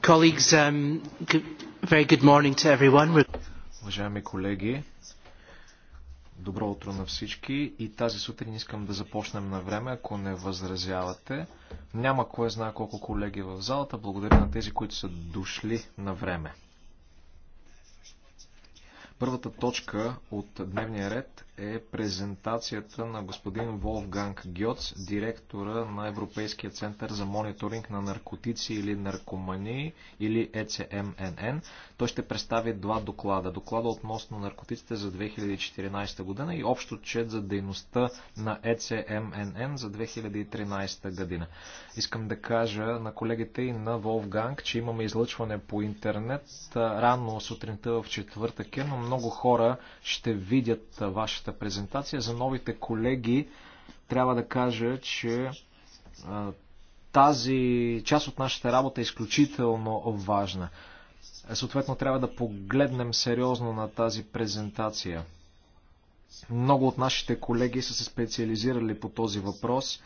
Um, Уважаеми колеги, добро утро на всички и тази сутрин искам да започнем на време, ако не възразявате. Няма кой знае колко колеги в залата. Благодаря на тези, които са дошли на време. Първата точка от дневния ред е презентацията на господин Волфганг Гьоц, директора на Европейския център за мониторинг на наркотици или наркомании или ЕЦМНН. Той ще представи два доклада. Доклада относно наркотиците за 2014 година и общо чет за дейността на ЕЦМНН за 2013 година. Искам да кажа на колегите и на Волфганг, че имаме излъчване по интернет рано сутринта в четвъртък, е, но много хора ще видят вашата презентация. За новите колеги трябва да кажа, че тази част от нашата работа е изключително важна. Съответно, трябва да погледнем сериозно на тази презентация. Много от нашите колеги са се специализирали по този въпрос.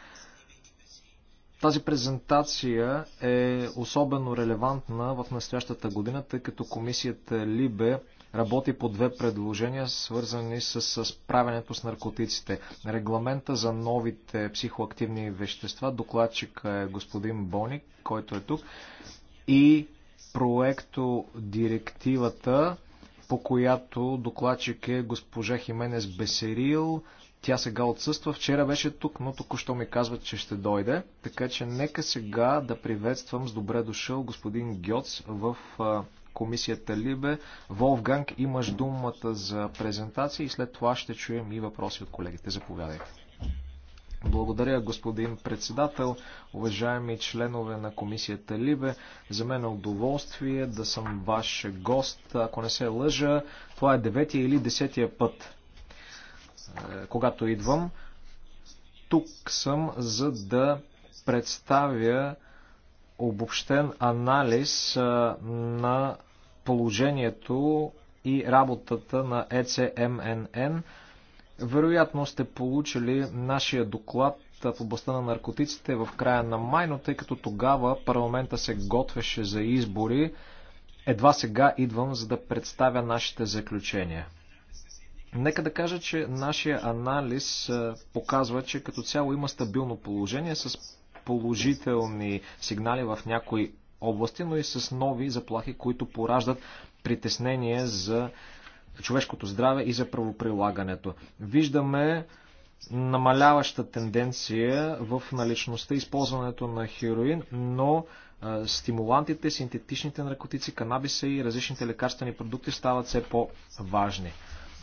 Тази презентация е особено релевантна в настоящата година, тъй като комисията Либе работи по две предложения, свързани с, справянето правенето с наркотиците. Регламента за новите психоактивни вещества, докладчик е господин Боник, който е тук, и проекто директивата, по която докладчик е госпожа Хименес Бесерил, тя сега отсъства. Вчера беше тук, но току-що ми казват, че ще дойде. Така че нека сега да приветствам с добре дошъл господин Гьоц в комисията Либе. Волфганг, имаш думата за презентация и след това ще чуем и въпроси от колегите. Заповядайте. Благодаря, господин председател, уважаеми членове на комисията Либе. За мен е удоволствие да съм ваш гост. Ако не се лъжа, това е деветия или десетия път е, когато идвам. Тук съм, за да представя обобщен анализ е, на положението и работата на ЕЦМНН. Вероятно сте получили нашия доклад е, в областта на наркотиците в края на май, но тъй като тогава парламента се готвеше за избори, едва сега идвам за да представя нашите заключения. Нека да кажа, че нашия анализ е, показва, че като цяло има стабилно положение с положителни сигнали в някои области, но и с нови заплахи, които пораждат притеснение за човешкото здраве и за правоприлагането. Виждаме намаляваща тенденция в наличността използването на хероин, но е, стимулантите, синтетичните наркотици, канабиса и различните лекарствени продукти стават все по-важни.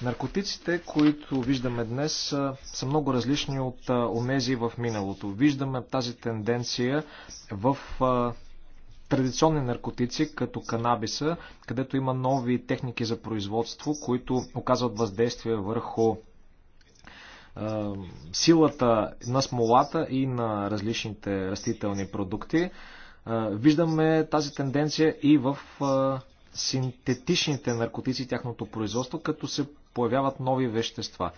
Наркотиците, които виждаме днес, са, са много различни от онези в миналото. Виждаме тази тенденция в а, традиционни наркотици, като канабиса, където има нови техники за производство, които оказват въздействие върху а, силата на смолата и на различните растителни продукти. Виждаме тази тенденция и в синтетичните наркотици, тяхното производство, като се появяват нови вещества.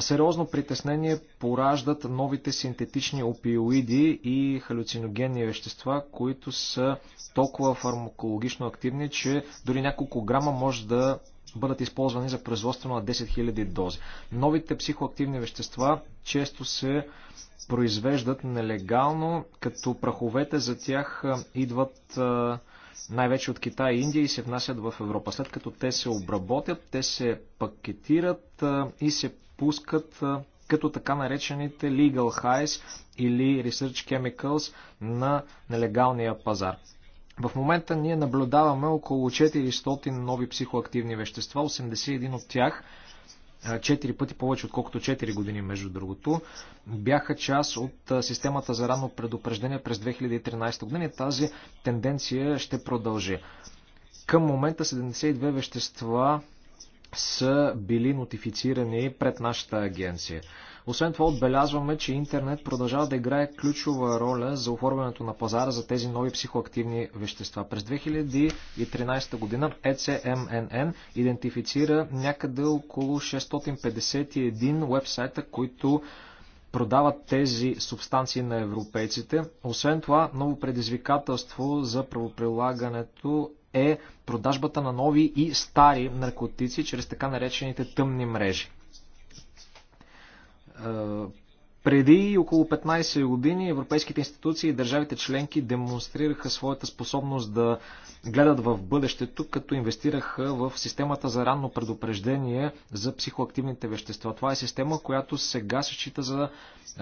Сериозно притеснение пораждат новите синтетични опиоиди и халюциногенни вещества, които са толкова фармакологично активни, че дори няколко грама може да бъдат използвани за производство на 10 000 дози. Новите психоактивни вещества често се произвеждат нелегално, като праховете за тях идват най-вече от Китай и Индия и се внасят в Европа. След като те се обработят, те се пакетират и се пускат като така наречените legal highs или research chemicals на нелегалния пазар. В момента ние наблюдаваме около 400 нови психоактивни вещества, 81 от тях – Четири пъти повече, отколкото 4 години, между другото, бяха част от системата за ранно предупреждение през 2013 година и тази тенденция ще продължи. Към момента 72 вещества са били нотифицирани пред нашата агенция. Освен това отбелязваме, че интернет продължава да играе ключова роля за оформянето на пазара за тези нови психоактивни вещества. През 2013 година ECMNN идентифицира някъде около 651 вебсайта, които продават тези субстанции на европейците. Освен това, ново предизвикателство за правоприлагането е продажбата на нови и стари наркотици чрез така наречените тъмни мрежи преди около 15 години европейските институции и държавите членки демонстрираха своята способност да гледат в бъдещето, като инвестираха в системата за ранно предупреждение за психоактивните вещества. Това е система, която сега се счита за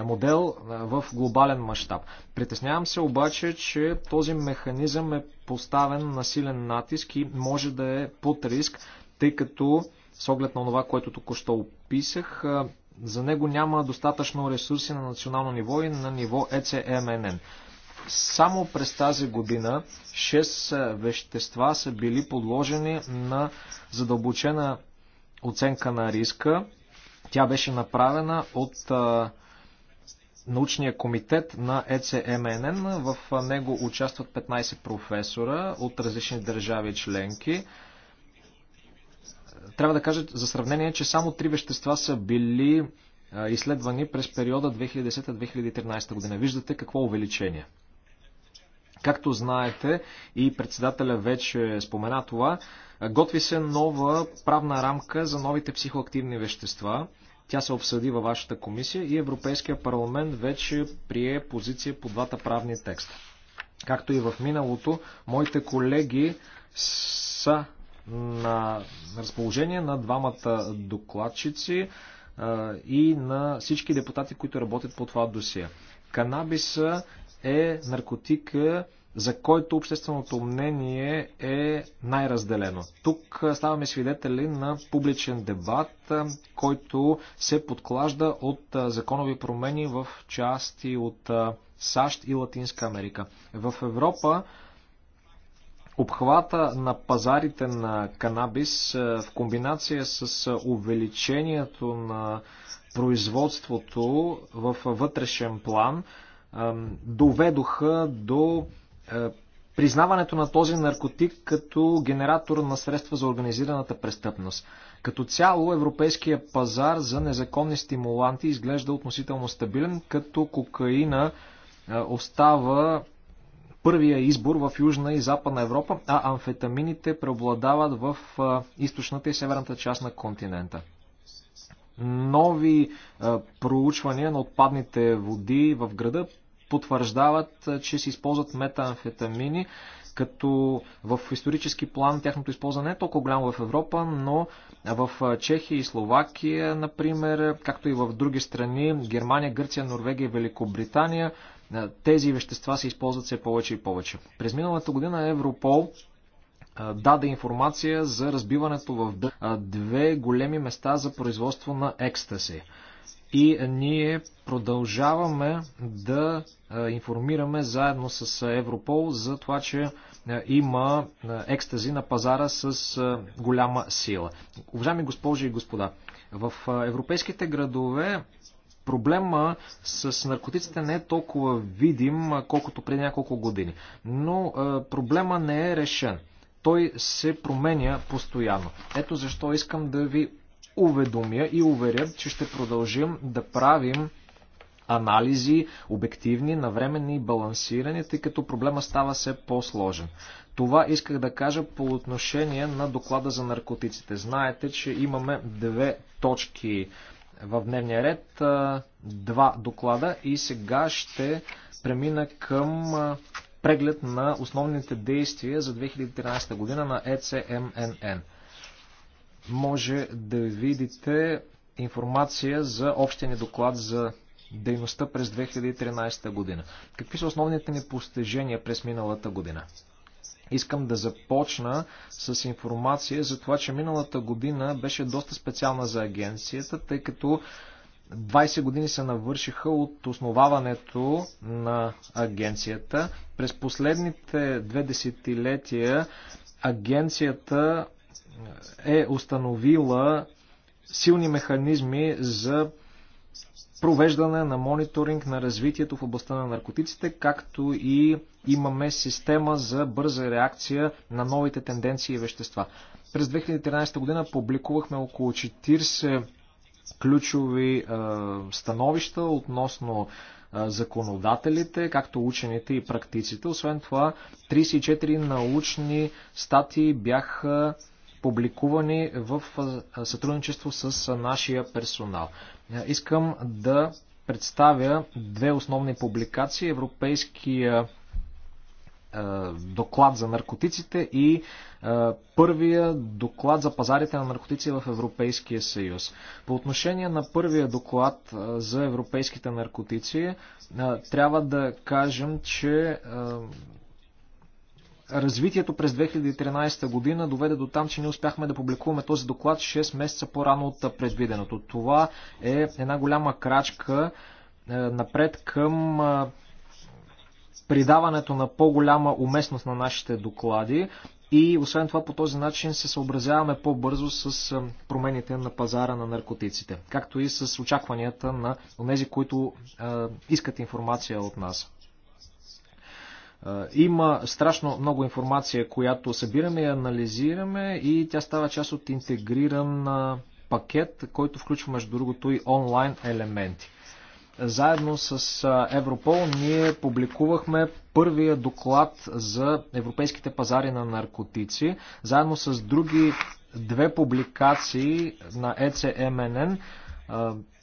модел в глобален мащаб. Притеснявам се обаче, че този механизъм е поставен на силен натиск и може да е под риск, тъй като с оглед на това, което току-що описах, за него няма достатъчно ресурси на национално ниво и на ниво ЕЦМНН. Само през тази година 6 е, вещества са били подложени на задълбочена оценка на риска. Тя беше направена от е, научния комитет на ЕЦМНН. В е, него участват 15 професора от различни държави членки трябва да кажа за сравнение, че само три вещества са били изследвани през периода 2010-2013 година. Виждате какво увеличение. Както знаете, и председателя вече спомена това, готви се нова правна рамка за новите психоактивни вещества. Тя се обсъди във вашата комисия и Европейския парламент вече прие позиция по двата правни текста. Както и в миналото, моите колеги са на разположение на двамата докладчици и на всички депутати, които работят по това досие. Канабиса е наркотик, за който общественото мнение е най-разделено. Тук ставаме свидетели на публичен дебат, който се подклажда от законови промени в части от САЩ и Латинска Америка. В Европа обхвата на пазарите на канабис е, в комбинация с е, увеличението на производството в вътрешен план е, доведоха до признаването на този наркотик като генератор на средства за организираната престъпност. Като цяло европейския пазар за незаконни стимуланти изглежда относително стабилен, като кокаина остава първия избор в Южна и Западна Европа, а амфетамините преобладават в източната и северната част на континента. Нови проучвания на отпадните води в града потвърждават, че се използват метаамфетамини, като в исторически план тяхното използване е толкова голямо в Европа, но в Чехия и Словакия, например, както и в други страни, Германия, Гърция, Норвегия и Великобритания, е, тези вещества се използват все повече и повече. През миналата година Европол е, даде информация за разбиването в е, две големи места за производство на екстаси. И ние продължаваме да информираме заедно с Европол за това, че има екстази на пазара с голяма сила. Уважаеми госпожи и господа, в европейските градове проблема с наркотиците не е толкова видим, колкото преди няколко години. Но проблема не е решен. Той се променя постоянно. Ето защо искам да ви уведомя и уверя, че ще продължим да правим анализи, обективни, навременни и балансирани, тъй като проблема става все по-сложен. Това исках да кажа по отношение на доклада за наркотиците. Знаете, че имаме две точки в дневния ред два доклада и сега ще премина към преглед на основните действия за 2013 година на ЕЦМНН. Може да видите информация за общия ни доклад за дейността през 2013 година. Какви са основните ни постижения през миналата година? Искам да започна с информация за това, че миналата година беше доста специална за агенцията, тъй като 20 години се навършиха от основаването на агенцията. През последните две десетилетия агенцията е установила силни механизми за провеждане на мониторинг на развитието в областта на наркотиците, както и имаме система за бърза реакция на новите тенденции и вещества. През 2013 година публикувахме около 40 ключови е, становища относно е, законодателите, както учените и практиците. Освен това, 34 научни статии бяха е, публикувани в сътрудничество с нашия персонал. Искам да представя две основни публикации. Европейския доклад за наркотиците и първия доклад за пазарите на наркотици в Европейския съюз. По отношение на първия доклад за европейските наркотици, трябва да кажем, че развитието през 2013 година доведе до там, че не успяхме да публикуваме този доклад 6 месеца по-рано от предвиденото. Това е една голяма крачка е, напред към придаването на по-голяма уместност на нашите доклади и освен това по този начин се съобразяваме по-бързо с промените на пазара на наркотиците, както и с очакванията на тези, които искат информация от нас. Има страшно много информация, която събираме и анализираме и тя става част от интегриран пакет, който включва между другото и онлайн елементи. Заедно с Европол ние публикувахме първия доклад за европейските пазари на наркотици, заедно с други две публикации на ЕЦМНН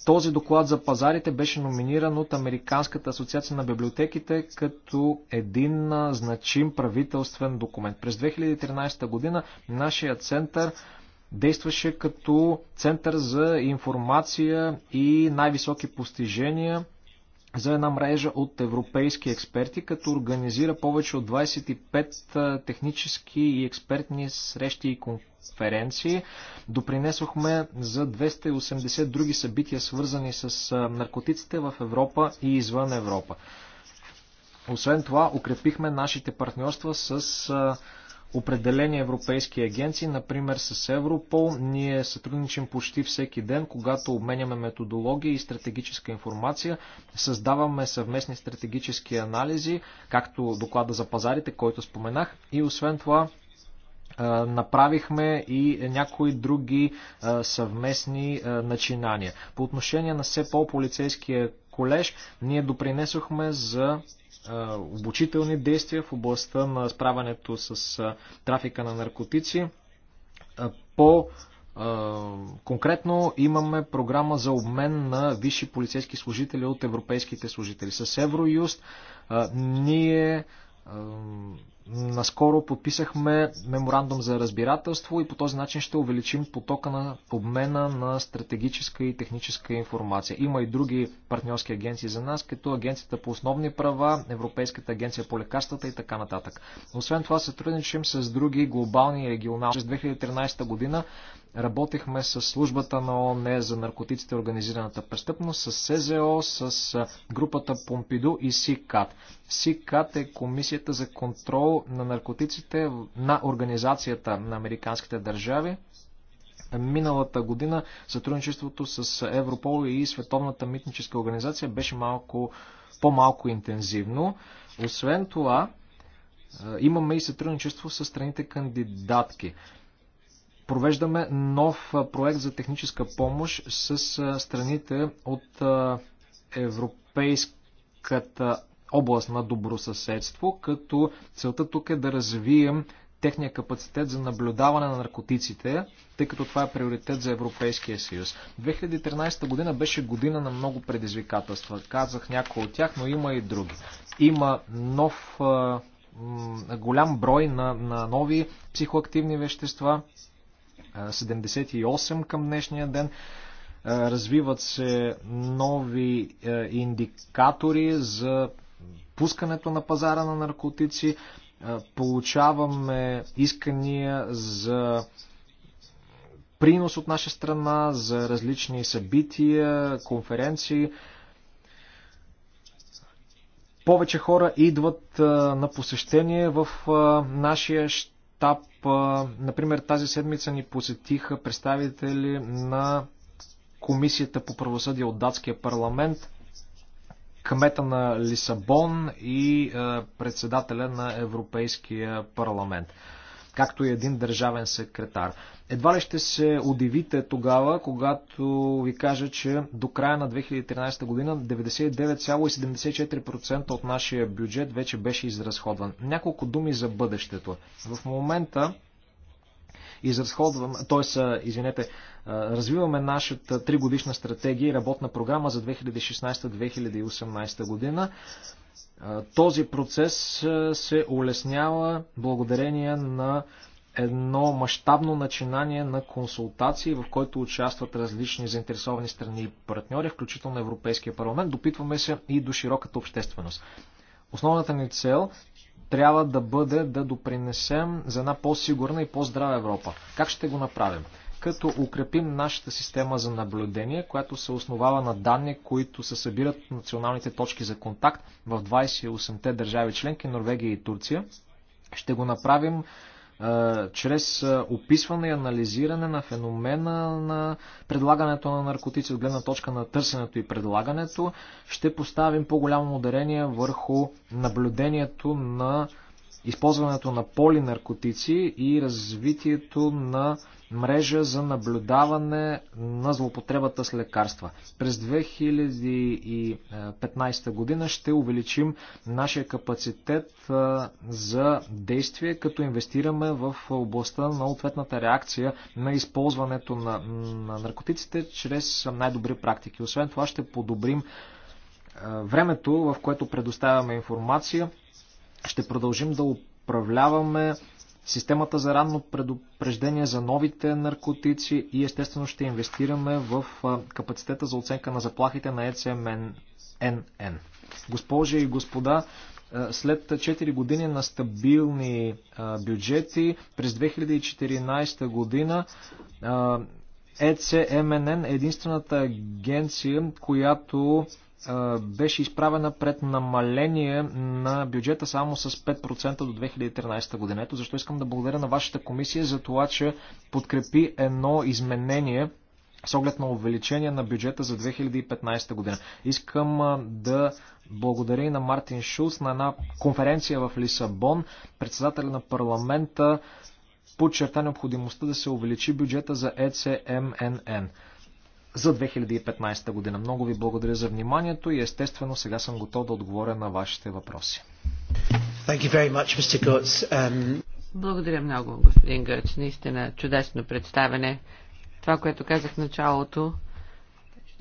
този доклад за пазарите беше номиниран от Американската асоциация на библиотеките като един значим правителствен документ. През 2013 година нашия център действаше като център за информация и най-високи постижения за една мрежа от европейски експерти, като организира повече от 25 технически и експертни срещи и конференции. Допринесохме за 280 други събития, свързани с наркотиците в Европа и извън Европа. Освен това, укрепихме нашите партньорства с определени европейски агенции, например с Европол. Ние сътрудничим почти всеки ден, когато обменяме методология и стратегическа информация, създаваме съвместни стратегически анализи, както доклада за пазарите, който споменах. И освен това, направихме и някои други съвместни начинания. По отношение на СЕПО полицейския колеж, ние допринесохме за обучителни действия в областта на справянето с трафика на наркотици. По Конкретно имаме програма за обмен на висши полицейски служители от европейските служители. С Евроюст ние Наскоро подписахме меморандум за разбирателство и по този начин ще увеличим потока на обмена на стратегическа и техническа информация. Има и други партньорски агенции за нас, като Агенцията по основни права, Европейската агенция по лекарствата и така нататък. Освен това сътрудничим с други глобални и регионални. През 2013 година Работихме с службата на ООН за наркотиците и организираната престъпност, с СЗО, с групата Помпиду и СИКАТ. СИКАТ е комисията за контрол на наркотиците на Организацията на Американските държави. Миналата година сътрудничеството с Европол и Световната митническа организация беше малко по-малко интензивно. Освен това, имаме и сътрудничество с страните кандидатки провеждаме нов проект за техническа помощ с страните от Европейската област на добросъседство, като целта тук е да развием техния капацитет за наблюдаване на наркотиците, тъй като това е приоритет за Европейския съюз. 2013 година беше година на много предизвикателства. Казах някои от тях, но има и други. Има нов голям брой на, на нови психоактивни вещества, 78 към днешния ден. Развиват се нови индикатори за пускането на пазара на наркотици. Получаваме искания за принос от наша страна за различни събития, конференции. Повече хора идват на посещение в нашия мащаб. Например, тази седмица ни посетиха представители на Комисията по правосъдие от датския парламент, кмета на Лисабон и председателя на Европейския парламент, както и един държавен секретар. Едва ли ще се удивите тогава, когато ви кажа, че до края на 2013 година 99,74% от нашия бюджет вече беше изразходван. Няколко думи за бъдещето. В момента изразходвам, т.е. извинете, развиваме нашата тригодишна стратегия и работна програма за 2016-2018 година. Този процес се улеснява благодарение на едно мащабно начинание на консултации, в който участват различни заинтересовани страни и партньори, включително Европейския парламент. Допитваме се и до широката общественост. Основната ни цел трябва да бъде да допринесем за една по-сигурна и по-здрава Европа. Как ще го направим? Като укрепим нашата система за наблюдение, която се основава на данни, които се събират в националните точки за контакт в 28-те държави членки, Норвегия и Турция. Ще го направим чрез описване и анализиране на феномена на предлагането на наркотици от гледна точка на търсенето и предлагането, ще поставим по-голямо ударение върху наблюдението на използването на полинаркотици и развитието на мрежа за наблюдаване на злоупотребата с лекарства. През 2015 година ще увеличим нашия капацитет за действие, като инвестираме в областта на ответната реакция на използването на, на наркотиците чрез най-добри практики. Освен това ще подобрим времето, в което предоставяме информация ще продължим да управляваме системата за ранно предупреждение за новите наркотици и естествено ще инвестираме в капацитета за оценка на заплахите на ЕЦМНН. Госпожи и господа, след 4 години на стабилни бюджети през 2014 година ЕЦМНН е единствената агенция, която беше изправена пред намаление на бюджета само с 5% до 2013 година. Ето защо искам да благодаря на вашата комисия за това, че подкрепи едно изменение с оглед на увеличение на бюджета за 2015 година. Искам да благодаря и на Мартин Шулц на една конференция в Лисабон, председателя на парламента подчерта необходимостта да се увеличи бюджета за ЕЦМНН за 2015 година. Много ви благодаря за вниманието и естествено сега съм готов да отговоря на вашите въпроси. Um, благодаря много, господин Гърч. Наистина чудесно представене. Това, което казах в началото,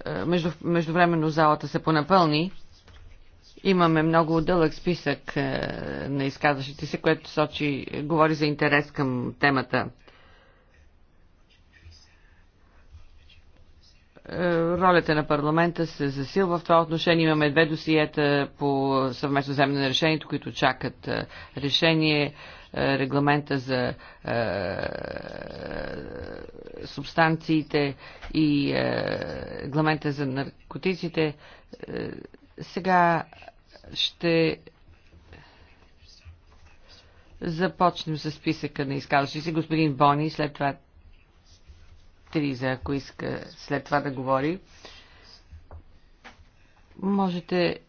е, между, междувременно залата се понапълни. Имаме много дълъг списък е, на изказващите се, което сочи, говори за интерес към темата. Е, ролята на парламента се засилва в това отношение. Имаме две досиета по съвместно вземане на решението, които чакат е, решение. Е, регламента за е, субстанциите и е, регламента за наркотиците. Сега ще започнем с списъка на изказващи се. Господин Бони, след това Триза, ако иска след това да говори. Можете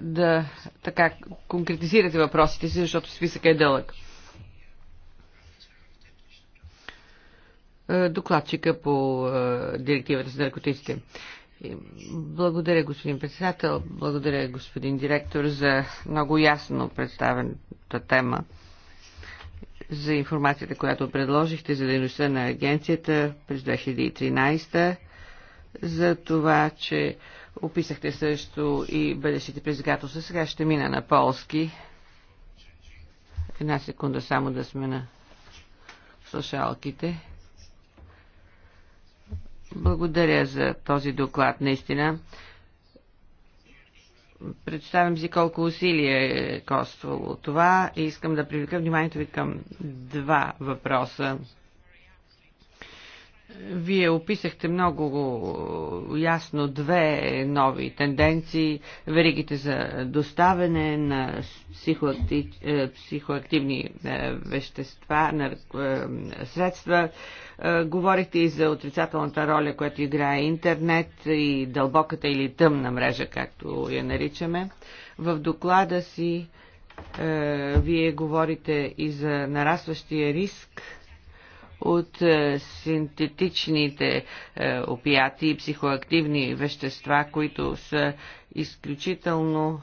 да така конкретизирате въпросите си, защото списъкът е дълъг. Е, докладчика по е, директивата за наркотиците. Благодаря, господин председател. Благодаря, господин директор, за много ясно представената тема за информацията, която предложихте за дейността на агенцията през 2013, за това, че описахте също и бъдещите предизвикателства. Сега ще мина на полски. Една секунда само да сме на слушалките. Благодаря за този доклад, наистина представям си колко усилие е коствало това и искам да привлека вниманието ви към два въпроса, вие описахте много е, ясно две нови тенденции. Веригите за доставяне на е, психоактивни е, вещества, на средства. Говорихте и за отрицателната роля, която играе интернет и дълбоката или тъмна мрежа, както я наричаме. В доклада си вие говорите и за нарастващия риск от е, синтетичните е, опияти и психоактивни вещества, които са изключително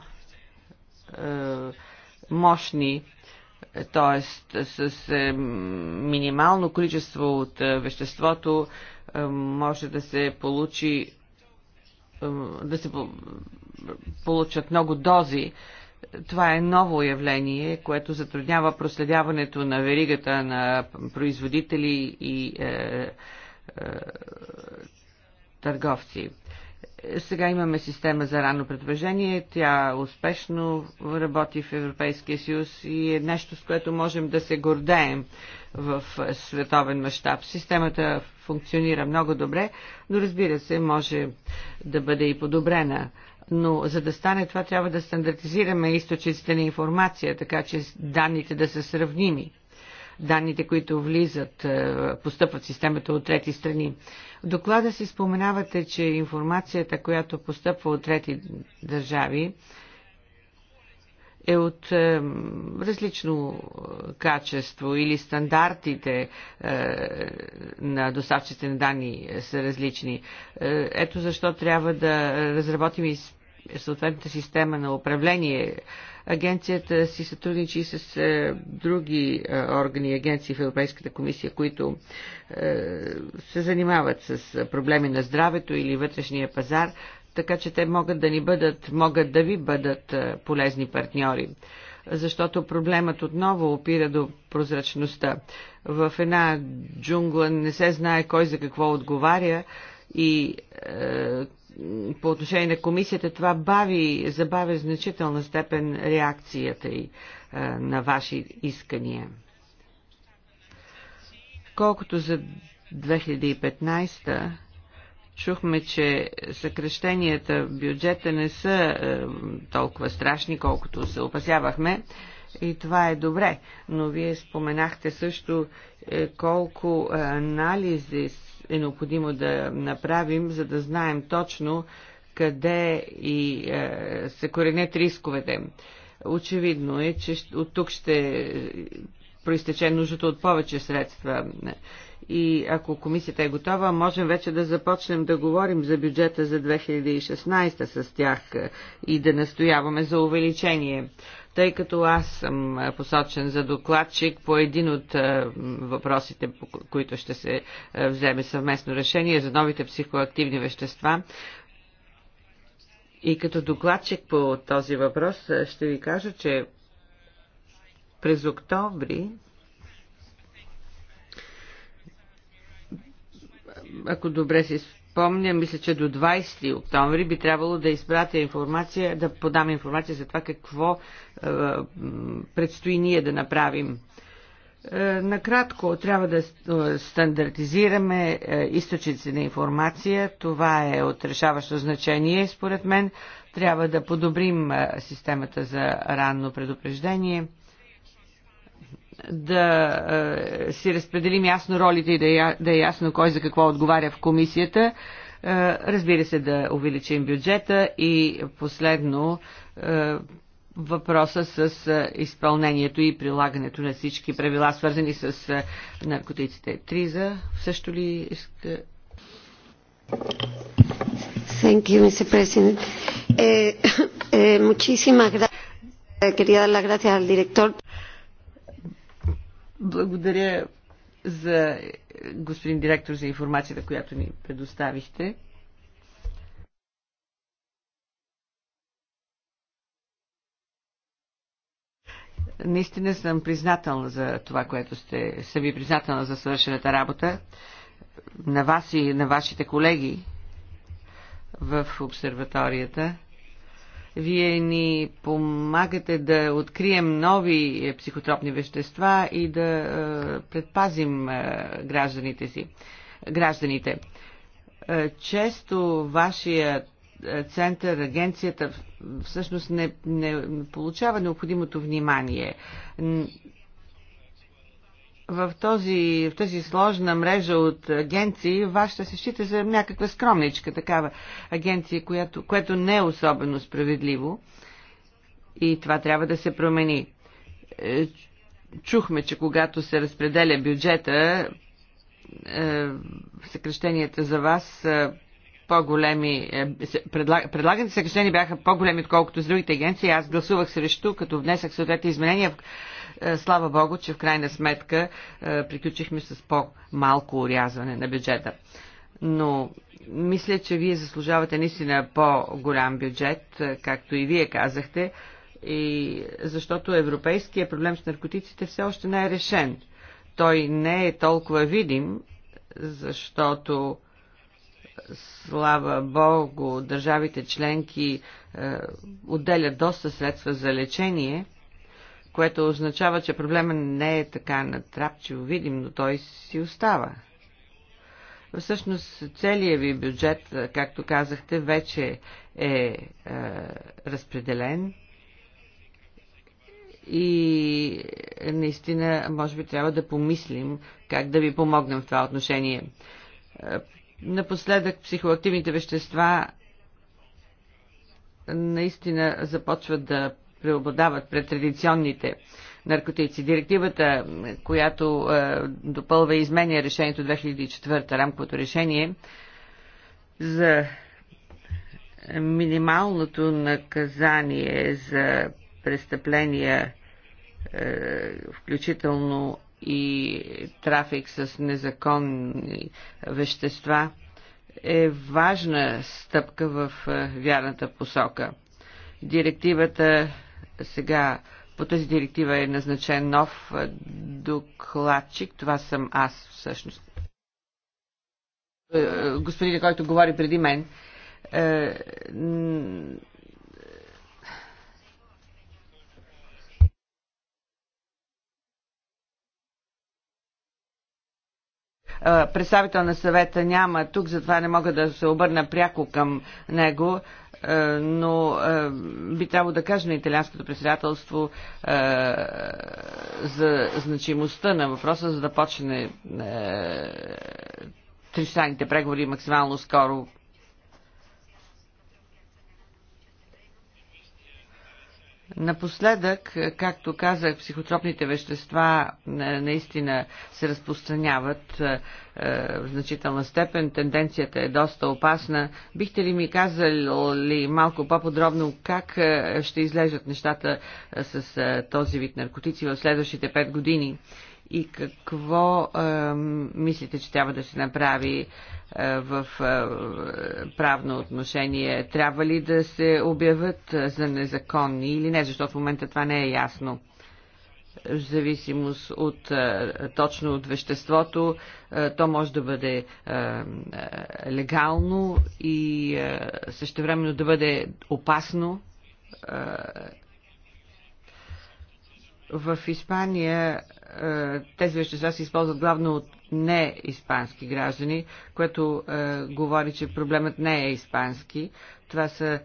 е, мощни т.е. с минимално количество от веществото може да се получи да се получат много дози това е ново явление, което затруднява проследяването на веригата на производители и е, е, търговци. Сега имаме система за ранно предупреждение. Тя успешно работи в Европейския съюз и е нещо, с което можем да се гордеем в световен мащаб. Системата функционира много добре, но разбира се, може да бъде и подобрена но за да стане това трябва да стандартизираме източниците на информация, така че данните да са сравними. Данните, които влизат, е, постъпват в системата от трети страни. В доклада си споменавате, че информацията, която постъпва от трети държави, е от е, различно е, качество или стандартите е, на доставчите на данни е, са различни. Е, ето защо трябва да разработим и е съответната система на управление. Агенцията си сътрудничи и с е, други е, органи и агенции в Европейската комисия, които е, се занимават с проблеми на здравето или вътрешния пазар, така че те могат да ни бъдат, могат да ви бъдат е, полезни партньори защото проблемът отново опира до прозрачността. В една джунгла не се знае кой за какво отговаря и е, по отношение на комисията, това бави, забавя значителна степен реакцията и а, на ваши искания. Колкото за 2015 чухме, че съкрещенията в бюджета не са а, толкова страшни, колкото се опасявахме. И това е добре. Но вие споменахте също е, колко анализи е необходимо да направим, за да знаем точно къде и е, се коренят рисковете. Очевидно е, че от тук ще е, проистече нуждата от повече средства и ако комисията е готова, можем вече да започнем да говорим за бюджета за 2016 с тях е, и да настояваме за увеличение тъй като аз съм е, посочен за докладчик по един от е, въпросите, по които ще се вземе съвместно решение за новите психоактивни вещества. И като докладчик по този въпрос ще ви кажа, че през октомври ако добре си спомня, мисля, че до 20 октомври би трябвало да изпратя информация, да подам информация за това какво е, предстои ние да направим. Е, накратко, трябва да е, стандартизираме е, източници на информация. Това е от решаващо значение, според мен. Трябва да подобрим е, системата за ранно предупреждение да е, си разпределим ясно ролите и да, е, да е ясно кой за какво отговаря в комисията. Е, разбира се, да увеличим бюджета и последно е, въпроса с е, изпълнението и прилагането на всички правила, свързани с е, наркотиците. Триза, също ли иска? Thank you, Mr. President. Eh, eh, muchísimas gracias. Quería dar las gracias al director. Благодаря за господин директор за информацията, която ни предоставихте. Наистина съм признателна за това, което сте, съм ви признателна за свършената работа на вас и на вашите колеги в обсерваторията. Вие ни помагате да открием нови е, психотропни вещества и да е, предпазим е, гражданите си. Гражданите. Често вашият център, агенцията всъщност не, не получава необходимото внимание в, този, в тази сложна мрежа от агенции, вашата се счита за някаква скромничка такава агенция, която, което не е особено справедливо. И това трябва да се промени. Е, чухме, че когато се разпределя бюджета, е, съкрещенията за вас по-големи, е, предлаганите съкрещения бяха по-големи, отколкото с другите агенции. Аз гласувах срещу, като внесах съответните изменения в. Е, слава Богу, че в крайна сметка е, приключихме с по-малко урязване на бюджета. Но мисля, че вие заслужавате наистина по-голям бюджет, е, както и вие казахте, и защото европейският проблем с наркотиците все още не е решен. Той не е толкова видим, защото слава Богу, държавите членки е, отделят доста средства за лечение – което означава, че проблема не е така натрапчиво видим, но той си остава. Всъщност целият ви бюджет, както казахте, вече е, е разпределен и е, наистина, може би, трябва да помислим как да ви помогнем в това отношение. Е, напоследък психоактивните вещества наистина започват да преобладават пред традиционните наркотици. Директивата, която е, допълва и изменя решението 2004, рамковото решение за минималното наказание за престъпления, е, включително и трафик с незаконни вещества, е важна стъпка в е, вярната посока. Директивата сега по тази директива е назначен нов докладчик. Това съм аз всъщност. Е, е, господин, който говори преди мен. Е, представител на съвета няма тук, затова не мога да се обърна пряко към него, е, но е, би трябвало да кажа на италианското председателство е, за значимостта на въпроса, за да почне тристранните преговори максимално скоро Напоследък, е, както казах, психотропните вещества е, наистина се разпространяват е, в значителна степен. Тенденцията е доста опасна. Бихте ли ми казали малко по-подробно как ще излежат нещата с този вид наркотици в следващите пет години? и какво е, мислите, че трябва да се направи е, в е, правно отношение? Трябва ли да се обявят за незаконни или не, защото в момента това не е ясно? в зависимост от точно от веществото, то може да бъде легално и същевременно да бъде опасно в Испания е, тези вещества се използват главно от не испански граждани, което е, говори, че проблемът не е испански. Това са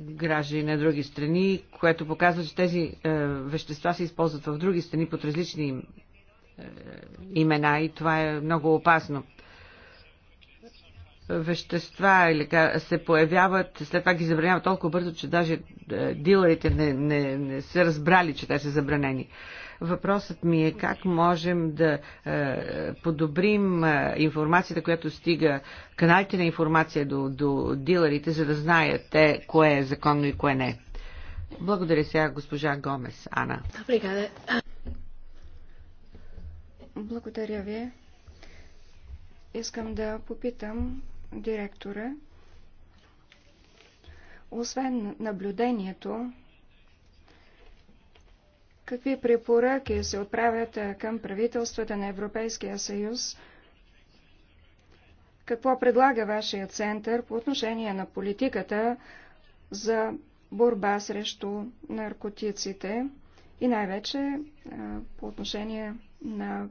граждани на други страни, което показва, че тези е, вещества се използват в други страни под различни е, имена и това е много опасно вещества или се появяват, след това ги забраняват толкова бързо, че даже е, дилерите не, не, не са разбрали, че те са забранени. Въпросът ми е как можем да е, подобрим е, информацията, която стига, каналите на информация до, до дилерите, за да знаят те кое е законно и кое не. Благодаря сега госпожа Гомес, Ана. Благодаря ви. Искам да попитам директора. Освен наблюдението, какви препоръки се отправят към правителствата на Европейския съюз, какво предлага вашия център по отношение на политиката за борба срещу наркотиците и най-вече по отношение на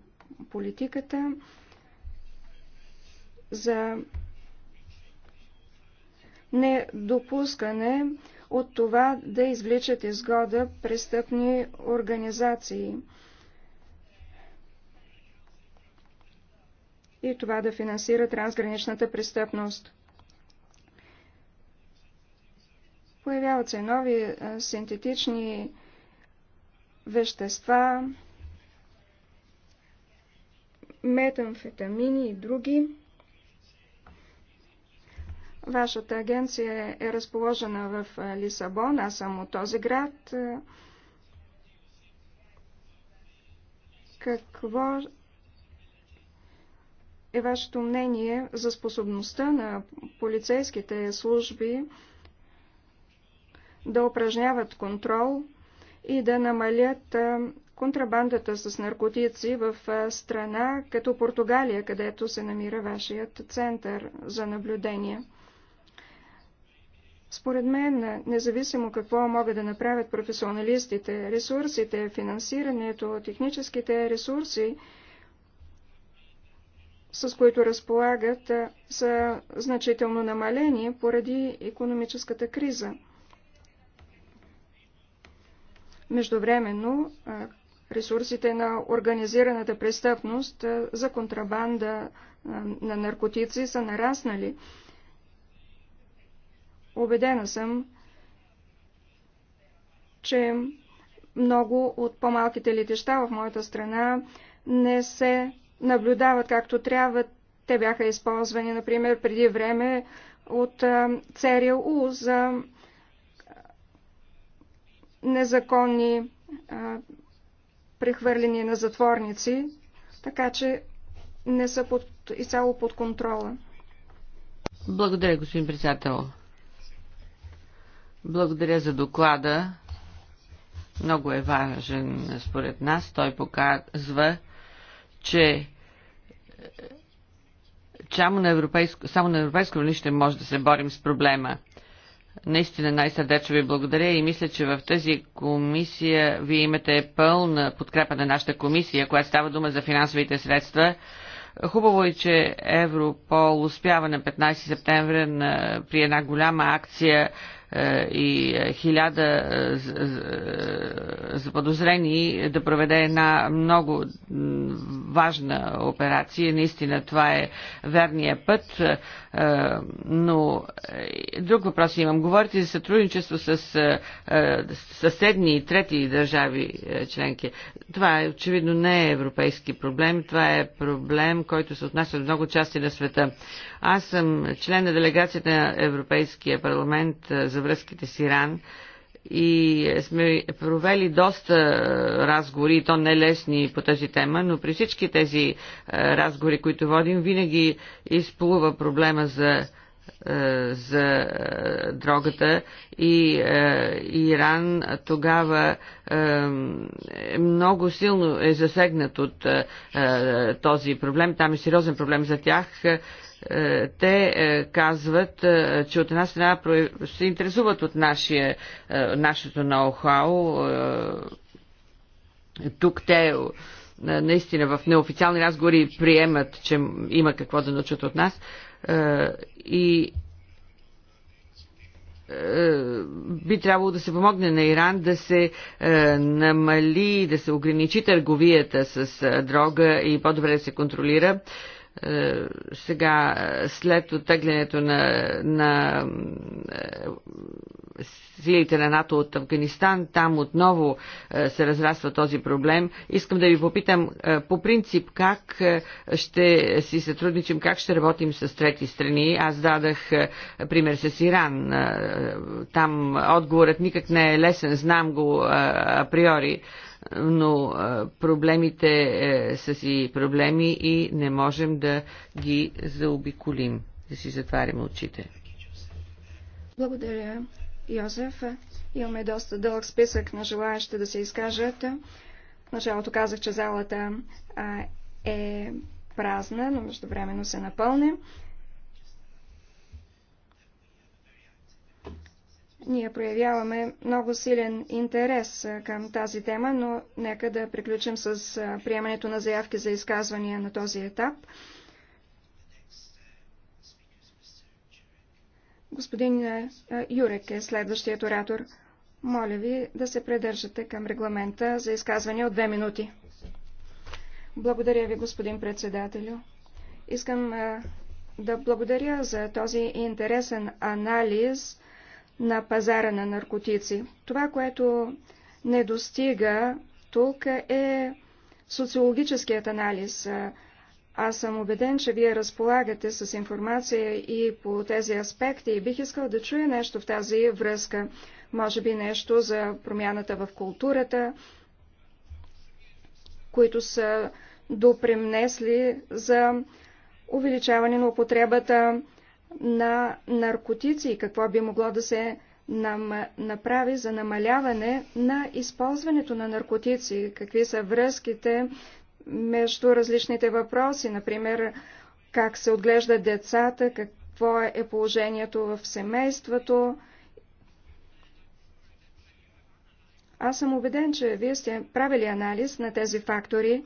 политиката за недопускане от това да извличат изгода престъпни организации и това да финансира трансграничната престъпност. Появяват се нови синтетични вещества, метамфетамини и други. Вашата агенция е разположена в Лисабон, а само този град. Какво е вашето мнение за способността на полицейските служби да упражняват контрол и да намалят контрабандата с наркотици в страна като Португалия, където се намира вашият център за наблюдение? Според мен, независимо какво могат да направят професионалистите, ресурсите, финансирането, техническите ресурси, с които разполагат, са значително намалени поради економическата криза. Междувременно, ресурсите на организираната престъпност за контрабанда на наркотици са нараснали. Обедена съм, че много от по-малките летища в моята страна не се наблюдават както трябва. Те бяха използвани, например, преди време от ЦРУ за незаконни прехвърлени на затворници, така че не са под, изцяло под контрола. Благодаря, господин председател. Благодаря за доклада. Много е важен според нас. Той показва, че само е, на европейско, само на европейско равнище може да се борим с проблема. Наистина най-сърдечно ви благодаря и мисля, че в тази комисия вие имате пълна подкрепа на нашата комисия, която става дума за финансовите средства. Хубаво е, че Европол успява на 15 септември на, при една голяма акция е, и е, хиляда е, заподозрени да проведе една много важна операция. Наистина това е верния път, но друг въпрос имам. Говорите за сътрудничество с съседни и трети държави членки. Това е очевидно не е европейски проблем, това е проблем, който се отнася до много части на света. Аз съм член на делегацията на Европейския парламент за връзките с Иран и сме провели доста е, разговори, то не лесни по тази тема, но при всички тези е, разговори, които водим, винаги изплува проблема за е, за е, дрогата и е, Иран тогава много силно е засегнат от този проблем. Там е сериозен проблем за тях те казват, че от една страна се интересуват от нашия, нашето ноу-хау. Тук те наистина в неофициални разговори приемат, че има какво да научат от нас, е, и е, би трябвало да се помогне на Иран да се е, намали, да се ограничи търговията с дрога и по-добре да се контролира. Сега, след оттеглянето на, на силите на НАТО от Афганистан. Там отново е, се разраства този проблем. Искам да ви попитам е, по принцип как е, ще си сътрудничим, как ще работим с трети страни. Аз дадах пример с Иран. Там отговорът никак не е лесен, знам го априори но проблемите са си проблеми и не можем да ги заобиколим, да си затваряме очите. Благодаря. Йозеф. Имаме доста дълъг списък на желаящи да се изкажат. В началото казах, че залата е празна, но междувременно се напълне. Ние проявяваме много силен интерес към тази тема, но нека да приключим с приемането на заявки за изказвания на този етап. Господин е, е, Юрек е следващият оратор. Моля ви да се придържате към регламента за изказване от две минути. Благодаря ви, господин председателю. Искам е, да благодаря за този интересен анализ на пазара на наркотици. Това, което не достига тук е социологическият анализ, аз съм убеден, че вие разполагате с информация и по тези аспекти и бих искал да чуя нещо в тази връзка. Може би нещо за промяната в културата, които са допремнесли за увеличаване на употребата на наркотици и какво би могло да се нам... направи за намаляване на използването на наркотици, какви са връзките между различните въпроси, например как се отглеждат децата, какво е положението в семейството. Аз съм убеден, че вие сте правили анализ на тези фактори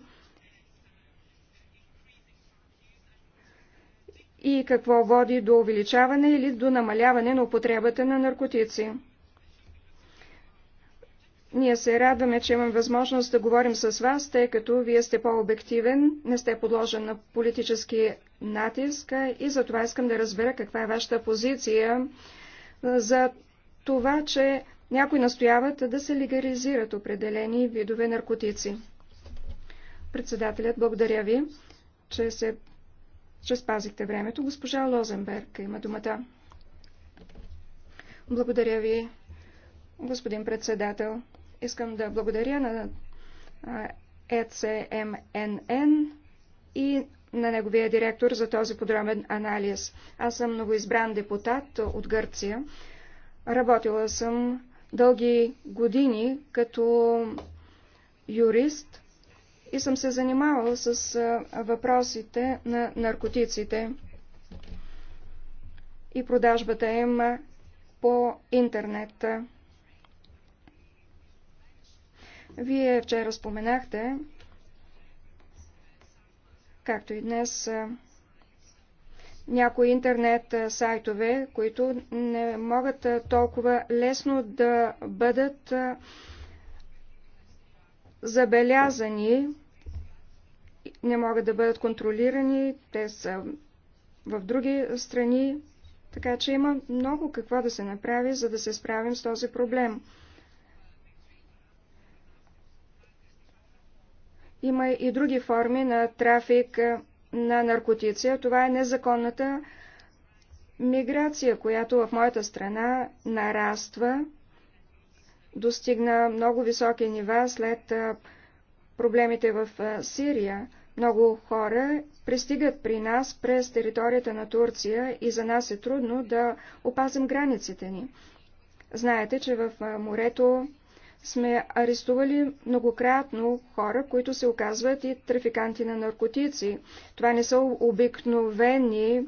и какво води до увеличаване или до намаляване на употребата на наркотици. Ние се радваме, че имам възможност да говорим с вас, тъй като вие сте по-обективен, не сте подложен на политически натиск и затова искам да разбера каква е вашата позиция за това, че някои настояват да се легализират определени видове наркотици. Председателят, благодаря ви, че, се, че спазихте времето. Госпожа Лозенберг има думата. Благодаря ви, господин председател. Искам да благодаря на ЕЦМНН и на неговия директор за този подробен анализ. Аз съм новоизбран депутат от Гърция. Работила съм дълги години като юрист и съм се занимавала с въпросите на наркотиците и продажбата им по интернет. Вие вчера споменахте, както и днес, някои интернет сайтове, които не могат толкова лесно да бъдат забелязани, не могат да бъдат контролирани, те са в други страни, така че има много какво да се направи, за да се справим с този проблем. Има и други форми на трафик е, на наркотици. Това е незаконната миграция, която в моята страна нараства, достигна много високи нива след е, проблемите в е, Сирия. Много хора пристигат при нас през територията на Турция и за нас е трудно да опазим границите ни. Знаете, че в морето сме арестували многократно хора, които се оказват и трафиканти на наркотици. Това не са обикновени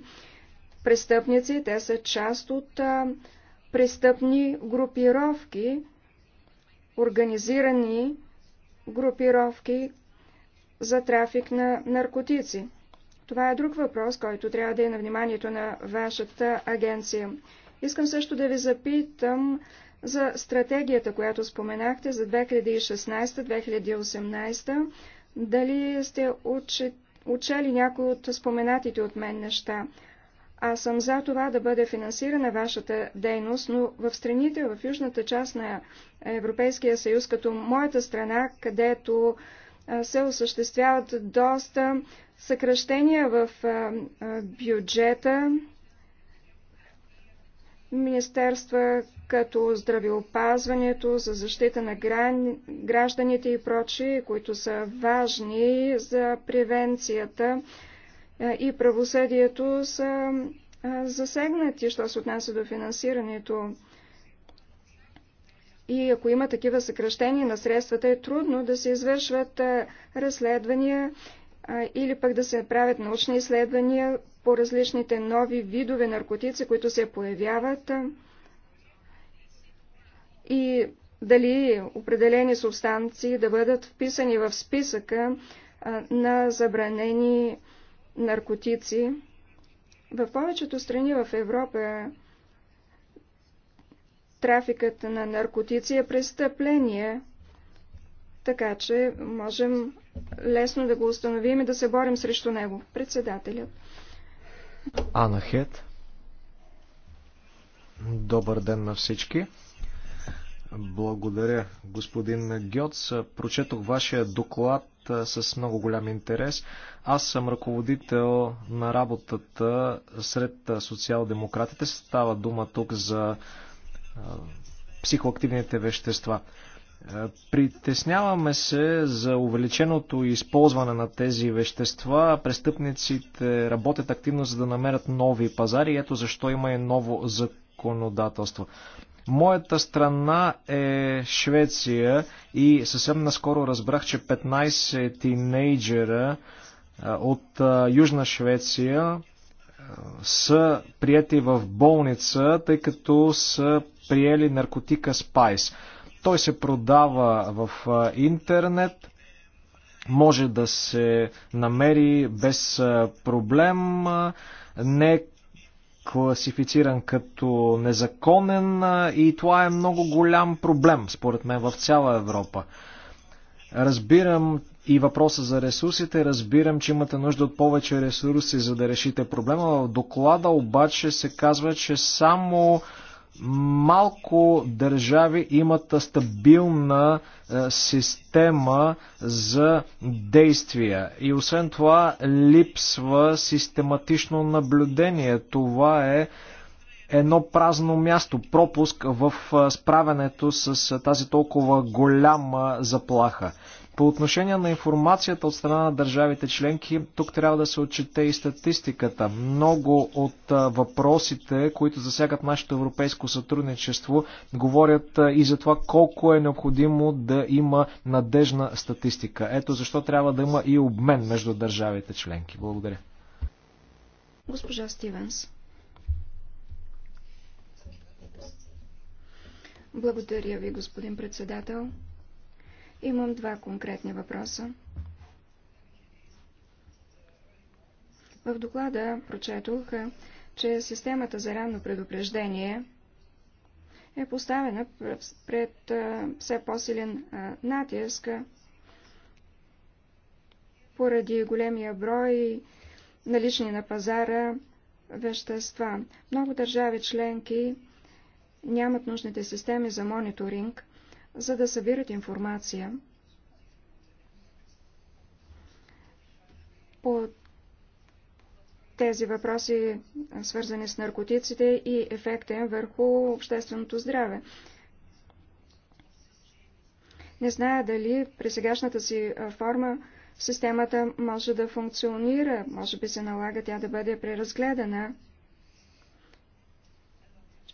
престъпници, те са част от а, престъпни групировки, организирани групировки за трафик на наркотици. Това е друг въпрос, който трябва да е на вниманието на вашата агенция. Искам също да ви запитам за стратегията, която споменахте за 2016-2018, дали сте учели някои от споменатите от мен неща. Аз съм за това да бъде финансирана вашата дейност, но в страните в южната част на Европейския съюз, като моята страна, където се осъществяват доста съкръщения в бюджета, министерства, като здравеопазването, за защита на гражданите и прочие, които са важни за превенцията е, и правосъдието са е, засегнати, що се отнася до финансирането. И ако има такива съкръщения на средствата, е трудно да се извършват е, разследвания или пък да се правят научни изследвания по различните нови видове наркотици, които се появяват и дали определени субстанции да бъдат вписани в списъка на забранени наркотици. В повечето страни в Европа трафикът на наркотици е престъпление, така че можем лесно да го установим и да се борим срещу него. Председателят. Анахет. Добър ден на всички. Благодаря, господин Гьоц. Прочетох вашия доклад с много голям интерес. Аз съм ръководител на работата сред социал-демократите. Става дума тук за психоактивните вещества. Е, притесняваме се за увеличеното използване на тези вещества. Престъпниците работят активно, за да намерят нови пазари. Ето защо има и ново законодателство. Моята страна е Швеция и съвсем наскоро разбрах, че 15 тинейджера е, от е, Южна Швеция са прияти в болница, тъй като са приели наркотика Спайс. Той се продава в интернет, може да се намери без проблем, не е класифициран като незаконен и това е много голям проблем, според мен, в цяла Европа. Разбирам и въпроса за ресурсите, разбирам, че имате нужда от повече ресурси, за да решите проблема. В доклада обаче се казва, че само малко държави имат стабилна е, система за действия. И освен това липсва систематично наблюдение. Това е едно празно място, пропуск в е, справянето с е, тази толкова голяма заплаха. По отношение на информацията от страна на държавите членки, тук трябва да се отчете и статистиката. Много от въпросите, които засягат нашето европейско сътрудничество, говорят и за това колко е необходимо да има надежна статистика. Ето защо трябва да има и обмен между държавите членки. Благодаря. Госпожа Стивенс. Благодаря ви, господин председател. Имам два конкретни въпроса. В доклада прочетох, че системата за ранно предупреждение е поставена пред все по-силен натиск поради големия брой налични на пазара вещества. Много държави членки нямат нужните системи за мониторинг за да събират информация по тези въпроси, свързани с наркотиците и ефекта им върху общественото здраве. Не зная дали при сегашната си форма системата може да функционира, може би се налага тя да бъде преразгледана.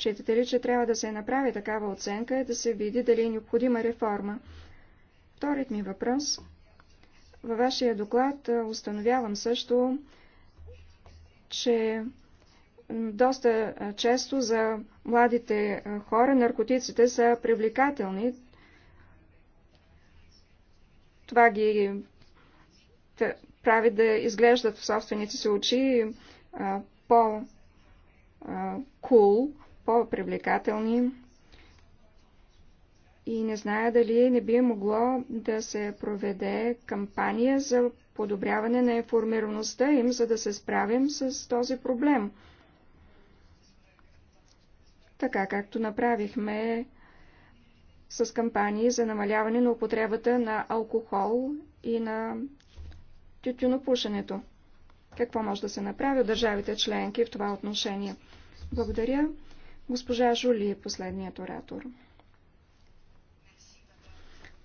Считате ли, че трябва да се направи такава оценка и да се види дали е необходима реформа? Вторият ми въпрос. Във вашия доклад установявам също, че доста често за младите хора наркотиците са привлекателни. Това ги прави да изглеждат в собствените си очи по-кул. Cool по-привлекателни и не зная дали не би могло да се проведе кампания за подобряване на информираността им, за да се справим с този проблем. Така както направихме с кампании за намаляване на употребата на алкохол и на тютюнопушенето. Какво може да се направи от държавите членки в това отношение? Благодаря. Госпожа Жули е последният оратор.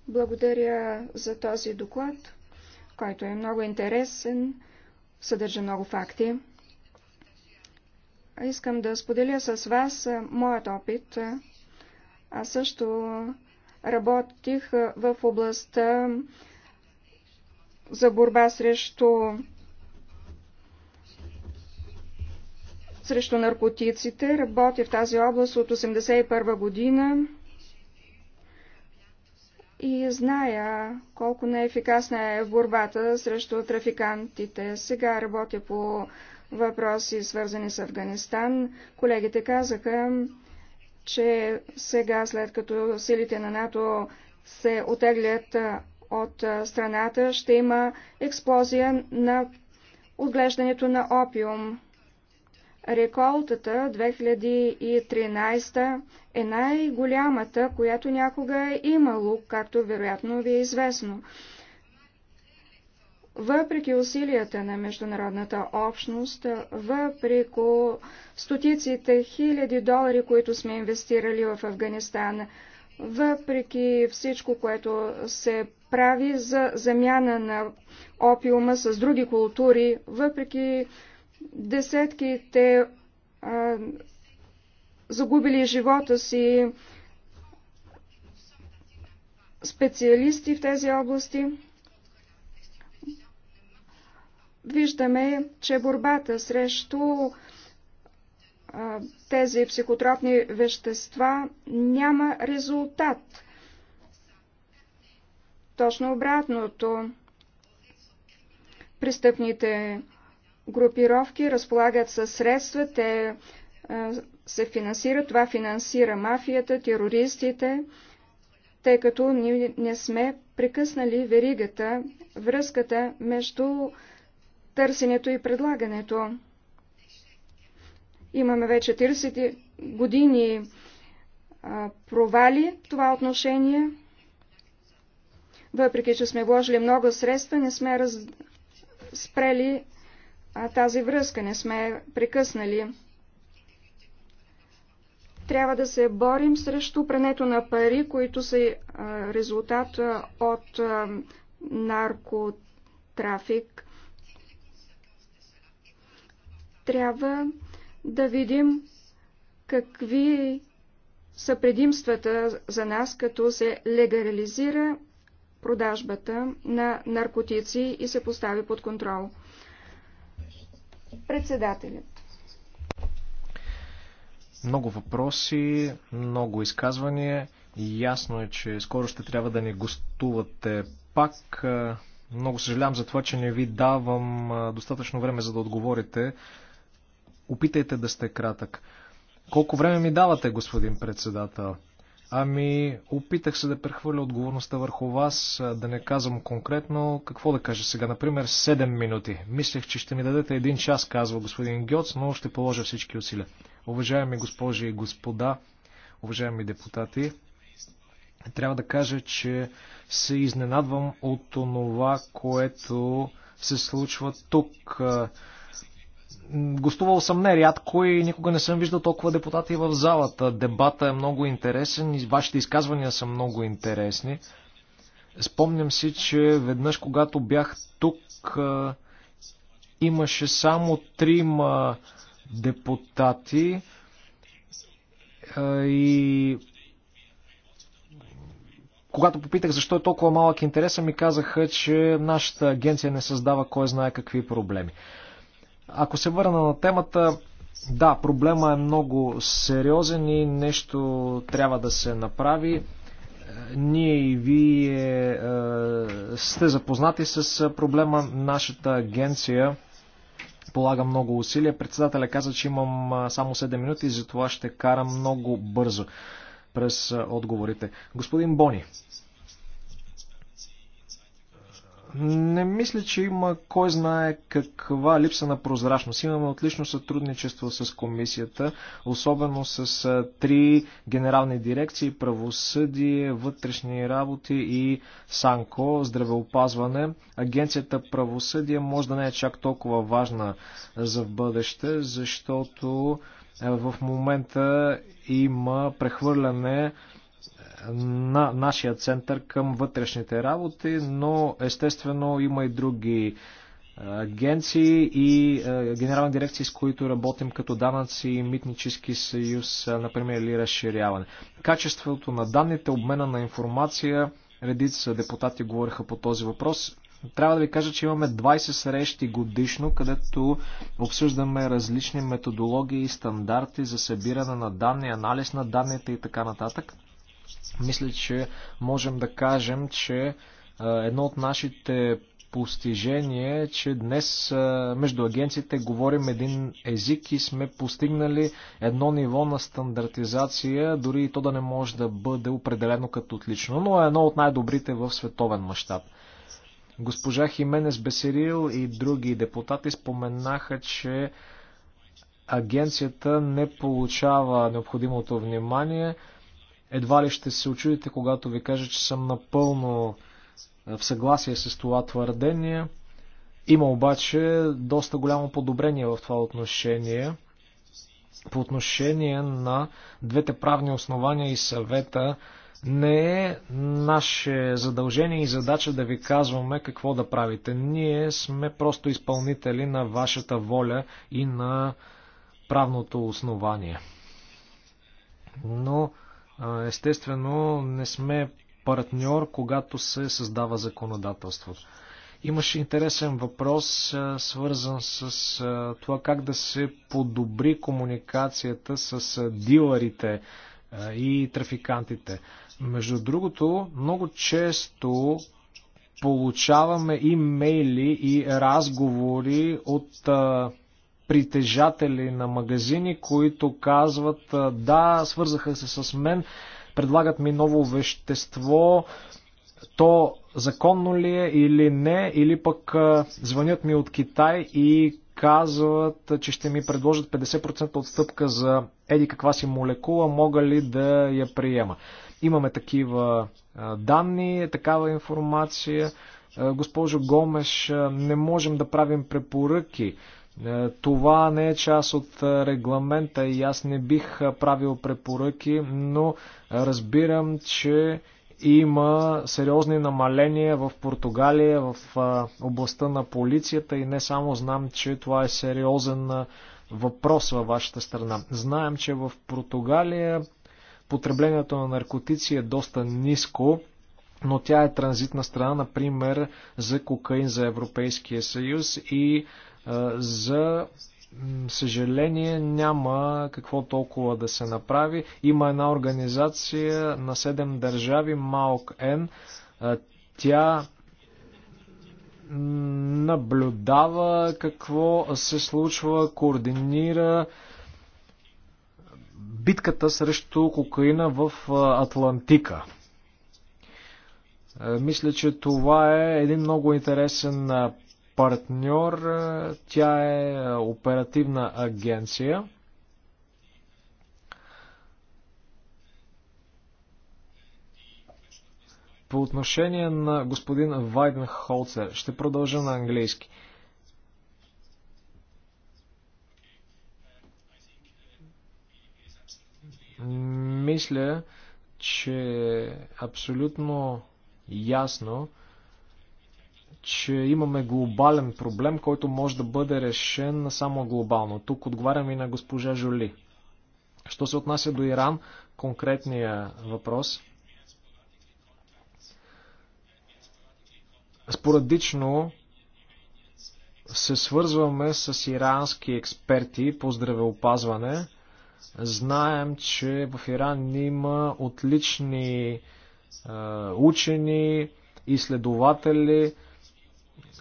Благодаря за този доклад, който е много интересен, съдържа много факти. Искам да споделя с вас моят опит. Аз също работих в областта за борба срещу срещу наркотиците. Работя в тази област от 1981 година и зная колко неефикасна е борбата срещу трафикантите. Сега работя по въпроси, свързани с Афганистан. Колегите казаха, че сега, след като силите на НАТО се отеглят от страната, ще има експлозия на отглеждането на опиум. Реколтата 2013 е най-голямата, която някога е имало, както вероятно ви е известно. Въпреки усилията на международната общност, въпреки стотиците хиляди долари, които сме инвестирали в Афганистан, въпреки всичко, което се прави за замяна на опиума с други култури, въпреки десетките а, загубили живота си специалисти в тези области. Виждаме, че борбата срещу а, тези психотропни вещества няма резултат. Точно обратното. Престъпните групировки разполагат със средства, те е, се финансират, това финансира мафията, терористите, тъй като ние не сме прекъснали веригата, връзката между търсенето и предлагането. Имаме вече 40 години провали това отношение. Въпреки, че сме вложили много средства, не сме раз... спрели тази връзка, не сме прекъснали. Трябва да се борим срещу прането на пари, които са резултат от наркотрафик. Трябва да видим какви са предимствата за нас, като се легализира продажбата на наркотици и се постави под контрол. Председателят. Много въпроси, много изказвания. Ясно е, че скоро ще трябва да ни гостувате пак. Много съжалявам за това, че не ви давам достатъчно време за да отговорите. Опитайте да сте кратък. Колко време ми давате, господин председател? Ами, опитах се да прехвърля отговорността върху вас, да не казвам конкретно какво да кажа сега. Например, 7 минути. Мислех, че ще ми дадете един час, казва господин Гьоц, но ще положа всички усилия. Уважаеми госпожи и господа, уважаеми депутати, трябва да кажа, че се изненадвам от онова, което се случва тук. Гостувал съм нерядко и никога не съм виждал толкова депутати в залата. Дебата е много интересен и вашите изказвания са много интересни. Спомням си, че веднъж, когато бях тук, имаше само трима депутати и когато попитах защо е толкова малък интерес, ми казаха, че нашата агенция не създава кой знае какви проблеми. Ако се върна на темата, да, проблема е много сериозен и нещо трябва да се направи. Ние и вие е, сте запознати с е, проблема. Нашата агенция полага много усилия. Председателя каза, че имам е, само 7 минути и затова ще карам много бързо през е, отговорите. Господин Бони. Не мисля, че има кой знае каква липса на прозрачност. Имаме отлично сътрудничество с комисията, особено с три генерални дирекции правосъдие, вътрешни работи и Санко, здравеопазване. Агенцията правосъдие може да не е чак толкова важна за в бъдеще, защото в момента има прехвърляне на нашия център към вътрешните работи, но естествено има и други е, агенции и е, генерални дирекции, с които работим като данъци и митнически съюз, е, например, или разширяване. Качеството на данните, обмена на информация, редица депутати говориха по този въпрос. Трябва да ви кажа, че имаме 20 срещи годишно, където обсъждаме различни методологии и стандарти за събиране на данни, анализ на данните и така нататък. Мисля, че можем да кажем, че едно от нашите постижения е, че днес между агенциите говорим един език и сме постигнали едно ниво на стандартизация, дори и то да не може да бъде определено като отлично, но е едно от най-добрите в световен мащаб. Госпожа Хименес Бесерил и други депутати споменаха, че агенцията не получава необходимото внимание. Едва ли ще се очудите, когато ви кажа, че съм напълно е, в съгласие с това твърдение. Има обаче доста голямо подобрение в това отношение. По отношение на двете правни основания и съвета, не е наше задължение и задача да ви казваме какво да правите. Ние сме просто изпълнители на вашата воля и на правното основание. Но Естествено, не сме партньор, когато се създава законодателство. Имаше интересен въпрос, свързан с това как да се подобри комуникацията с дилърите и трафикантите. Между другото, много често получаваме имейли и разговори от а, притежатели на магазини, които казват да, свързаха се с мен, предлагат ми ново вещество, то законно ли е или не, или пък звънят ми от Китай и казват, че ще ми предложат 50% отстъпка за еди каква си молекула, мога ли да я приема. Имаме такива данни, такава информация. Госпожо Гомеш, не можем да правим препоръки е, това не е част от е, регламента и аз не бих е, правил препоръки, но разбирам, че има сериозни намаления в Португалия, в областта на полицията и не само знам, че това е сериозен въпрос във вашата страна. Знаем, че в Португалия потреблението на наркотици е доста ниско, но тя е транзитна страна, например, за кокаин за Европейския съюз и за съжаление няма какво толкова да се направи. Има една организация на 7 държави, Малк Н. Тя наблюдава какво се случва, координира битката срещу кокаина в Атлантика. Мисля, че това е един много интересен партньор. Е, тя е оперативна агенция. По отношение на господин Вайден Холцер, ще продължа на английски. Мисля, че е абсолютно ясно че имаме глобален проблем, който може да бъде решен само глобално. Тук отговарям и на госпожа Жоли. Що се отнася до Иран, конкретния въпрос. Спорадично се свързваме с ирански експерти по здравеопазване. Знаем, че в Иран има отлични е, учени, изследователи,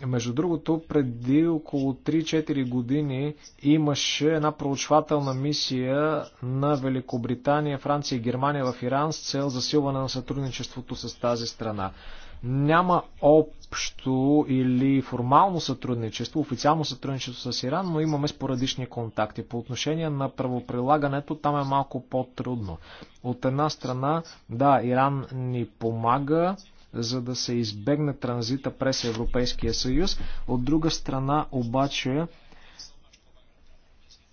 между другото, преди около 3-4 години имаше една проучвателна мисия на Великобритания, Франция и Германия в Иран с цел засилване на сътрудничеството с тази страна. Няма общо или формално сътрудничество, официално сътрудничество с Иран, но имаме спорадични контакти. По отношение на правоприлагането там е малко по-трудно. От една страна, да, Иран ни помага, за да се избегне транзита през Европейския съюз. От друга страна обаче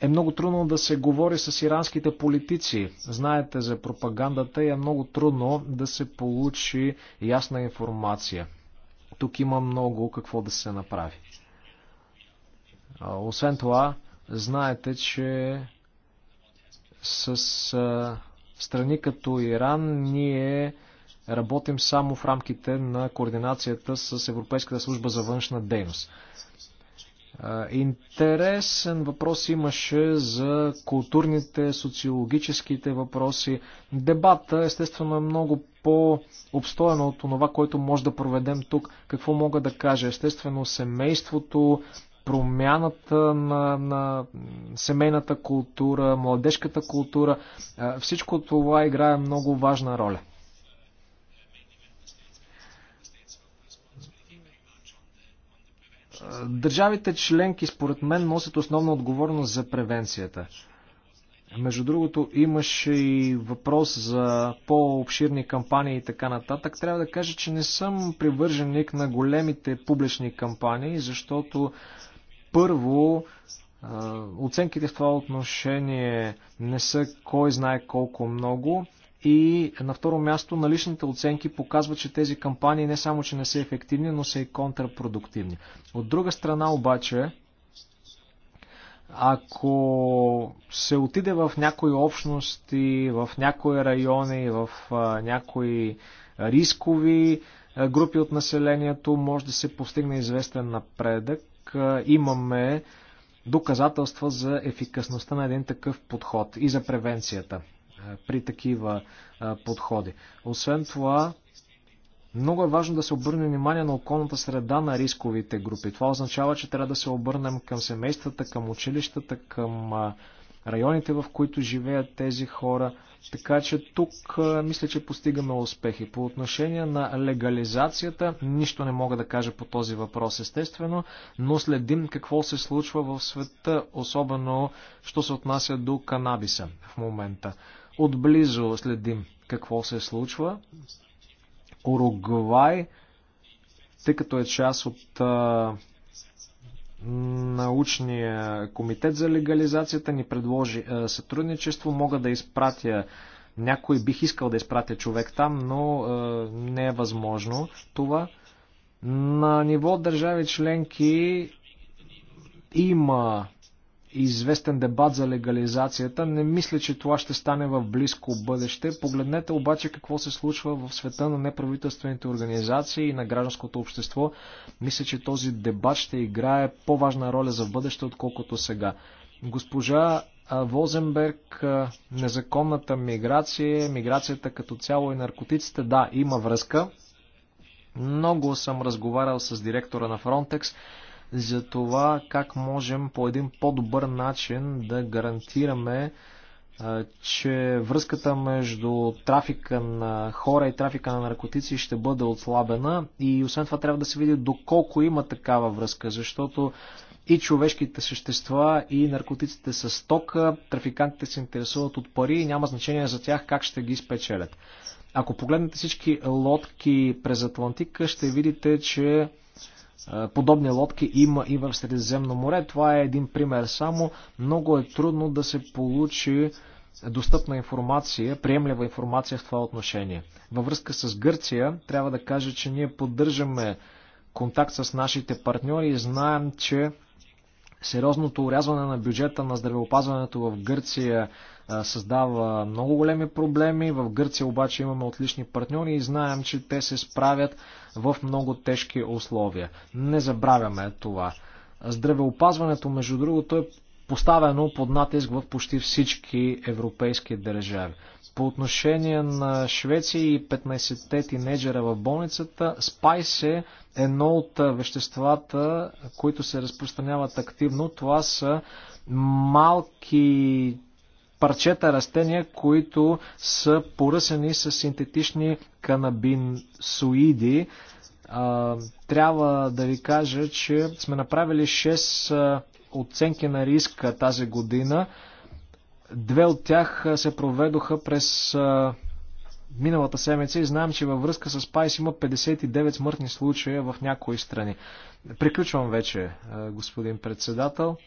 е много трудно да се говори с иранските политици. Знаете за пропагандата и е много трудно да се получи ясна информация. Тук има много какво да се направи. Освен това, знаете, че с страни като Иран ние Работим само в рамките на координацията с Европейската служба за външна дейност. Интересен въпрос имаше за културните, социологическите въпроси. Дебата, естествено, е много по-обстоен от това, което може да проведем тук. Какво мога да кажа? Естествено, семейството, промяната на, на семейната култура, младежката култура, всичко това играе много важна роля. Държавите членки, според мен, носят основна отговорност за превенцията. Между другото, имаше и въпрос за по-обширни кампании и така нататък. Трябва да кажа, че не съм привърженик на големите публични кампании, защото първо оценките в това отношение не са кой знае колко много. И на второ място, наличните оценки показват, че тези кампании не само, че не са ефективни, но са и контрапродуктивни. От друга страна обаче, ако се отиде в някои общности, в някои райони, в някои рискови групи от населението, може да се постигне известен напредък. Имаме доказателства за ефикасността на един такъв подход и за превенцията при такива подходи. Освен това, много е важно да се обърне внимание на околната среда на рисковите групи. Това означава, че трябва да се обърнем към семействата, към училищата, към районите, в които живеят тези хора. Така че тук мисля, че постигаме успехи. По отношение на легализацията, нищо не мога да кажа по този въпрос, естествено, но следим какво се случва в света, особено що се отнася до канабиса в момента отблизо следим какво се случва. Уругвай, тъй като е част от а, научния комитет за легализацията, ни предложи а, сътрудничество. Мога да изпратя някой, бих искал да изпратя човек там, но а, не е възможно това. На ниво държави членки има известен дебат за легализацията. Не мисля, че това ще стане в близко бъдеще. Погледнете обаче какво се случва в света на неправителствените организации и на гражданското общество. Мисля, че този дебат ще играе по-важна роля за бъдеще, отколкото сега. Госпожа Возенберг, незаконната миграция, миграцията като цяло и наркотиците, да, има връзка. Много съм разговарял с директора на Фронтекс за това как можем по един по-добър начин да гарантираме, че връзката между трафика на хора и трафика на наркотици ще бъде отслабена и освен това трябва да се види доколко има такава връзка, защото и човешките същества, и наркотиците са стока, трафикантите се интересуват от пари и няма значение за тях как ще ги спечелят. Ако погледнете всички лодки през Атлантика, ще видите, че подобни лодки има и в Средиземно море. Това е един пример само. Много е трудно да се получи достъпна информация, приемлива информация в това отношение. Във връзка с Гърция, трябва да кажа, че ние поддържаме контакт с нашите партньори и знаем, че сериозното урязване на бюджета на здравеопазването в Гърция създава много големи проблеми. В Гърция обаче имаме отлични партньори и знаем, че те се справят в много тежки условия. Не забравяме това. Здравеопазването, между другото, е поставено под натиск в почти всички европейски държави. По отношение на Швеция и 15-те тинеджера в болницата, спайс е едно от веществата, които се разпространяват активно. Това са малки парчета растения, които са поръсени с синтетични канабинсоиди. Трябва да ви кажа, че сме направили 6 оценки на риска тази година. Две от тях се проведоха през миналата седмица и знаем, че във връзка с ПАЙС има 59 смъртни случая в някои страни. Приключвам вече, господин председател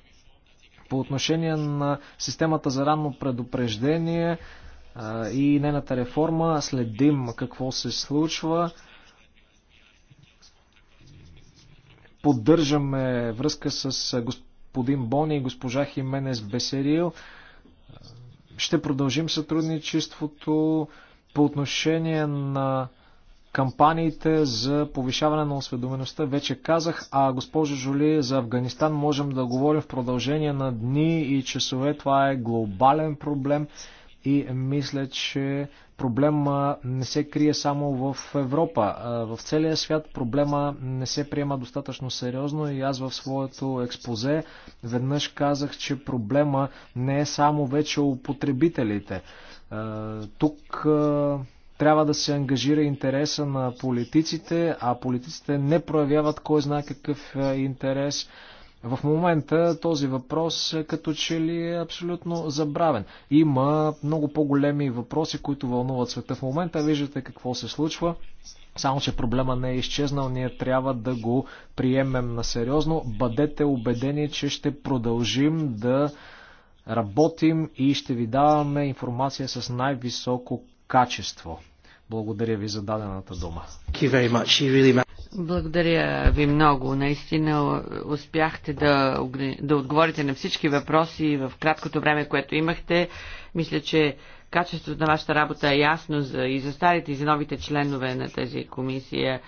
по отношение на системата за ранно предупреждение и нейната реформа. Следим какво се случва. Поддържаме връзка с господин Бони и госпожа Хименес Бесерил. Ще продължим сътрудничеството по отношение на кампаниите за повишаване на осведомеността вече казах, а госпожо Жули, за Афганистан можем да говорим в продължение на дни и часове. Това е глобален проблем и мисля, че проблема не се крие само в Европа. В целия свят проблема не се приема достатъчно сериозно и аз в своето експозе веднъж казах, че проблема не е само вече у потребителите. Тук трябва да се ангажира интереса на политиците, а политиците не проявяват кой знае какъв е, интерес. В момента този въпрос е, като че ли е абсолютно забравен. Има много по-големи въпроси, които вълнуват света в момента. Виждате какво се случва. Само, че проблема не е изчезнал, ние трябва да го приемем на сериозно. Бъдете убедени, че ще продължим да работим и ще ви даваме информация с най-високо качество. Благодаря ви за дадената дума. Благодаря ви много. Наистина успяхте да, да отговорите на всички въпроси в краткото време, което имахте. Мисля, че качеството на вашата работа е ясно за, и за старите, и за новите членове на тази комисия.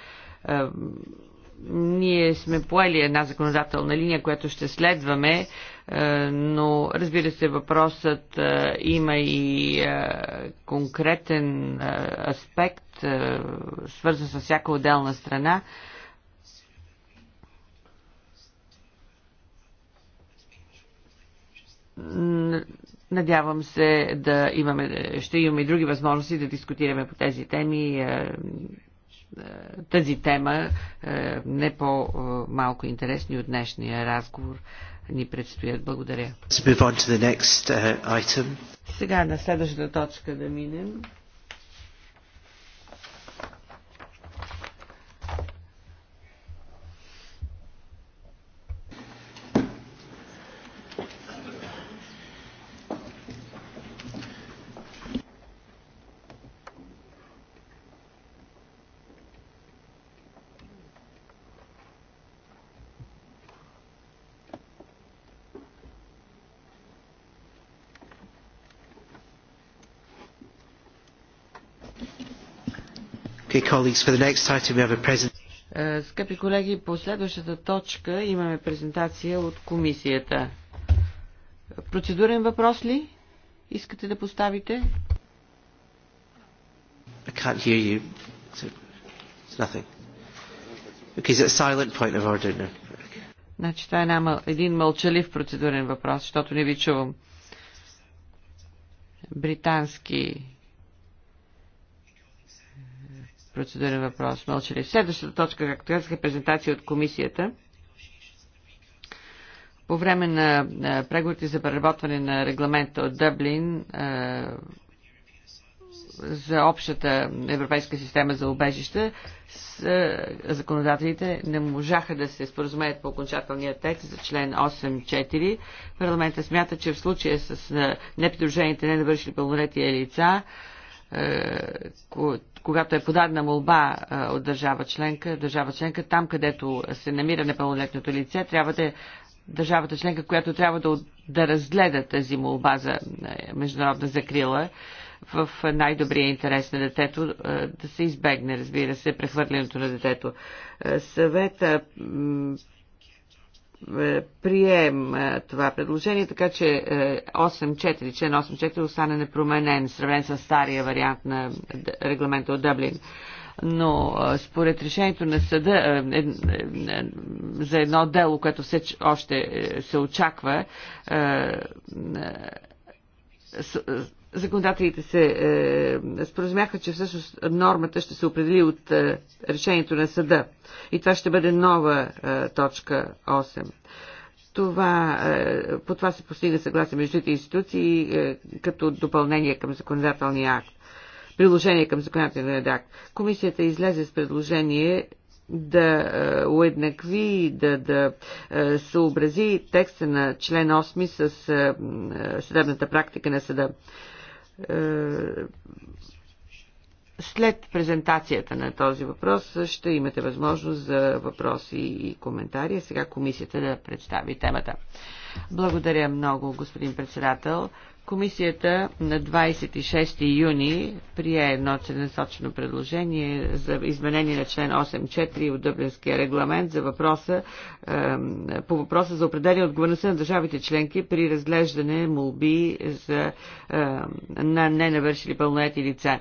Ние сме поели една законодателна линия, която ще следваме е, но разбира се, въпросът е, има и е, конкретен аспект, свързан с всяка отделна страна. Надявам се да имаме, ще имаме и други възможности да дискутираме по тези теми. Тази тема не по-малко интересни от днешния разговор ни предстоят. Благодаря. Uh, Сега на следващата точка да минем. Е, скъпи колеги, по следващата точка имаме презентация от комисията. Процедурен въпрос ли искате да поставите? I can't hear you. It's nothing. Okay, is it silent point of order now? Значи това е една, един мълчалив процедурен въпрос, защото не ви чувам. Британски процедурен въпрос. Мълчали. Следващата точка, както казах, е презентация от комисията. По време на преговорите за преработване на регламента от Дъблин за общата европейска система за убежища, законодателите не можаха да се споразумеят по окончателния текст за член 8.4. Парламента смята, че в случая с непридружените, ненавършили пълнолетия лица, когато е подадена молба от държава членка, държава членка, там където се намира непълнолетното лице, трябва да е държавата членка, която трябва да, да разгледа тази молба за е, международна закрила в най-добрия интерес на детето, е, да се избегне, разбира се, прехвърлянето на детето. Е, съвета е, прием е, това предложение, така че 8.4, е, член 8.4 остане непроменен, сравнен с стария вариант на регламента от Дъблин но според решението на съда за едно дело, което все още се очаква, законодателите се е, споразумяха, че всъщност нормата ще се определи от е, решението на съда. И това ще бъде нова е, точка 8. Това, е, по това се постига съгласие между двете институции е, като допълнение към законодателния акт. Приложение към законодателния акт. Комисията излезе с предложение да е, уеднакви, да, да е, съобрази текста на член 8 с е, съдебната практика на съда. Е, след презентацията на този въпрос ще имате възможност за въпроси и коментари. Сега комисията да представи темата. Благодаря много, господин председател. Комисията на 26 юни прие едно целенасочено предложение за изменение на член 8.4 от Дъблинския регламент за въпроса, е, по въпроса за определение отговорността на държавите членки при разглеждане молби за, е, на ненавършили пълнолетни лица.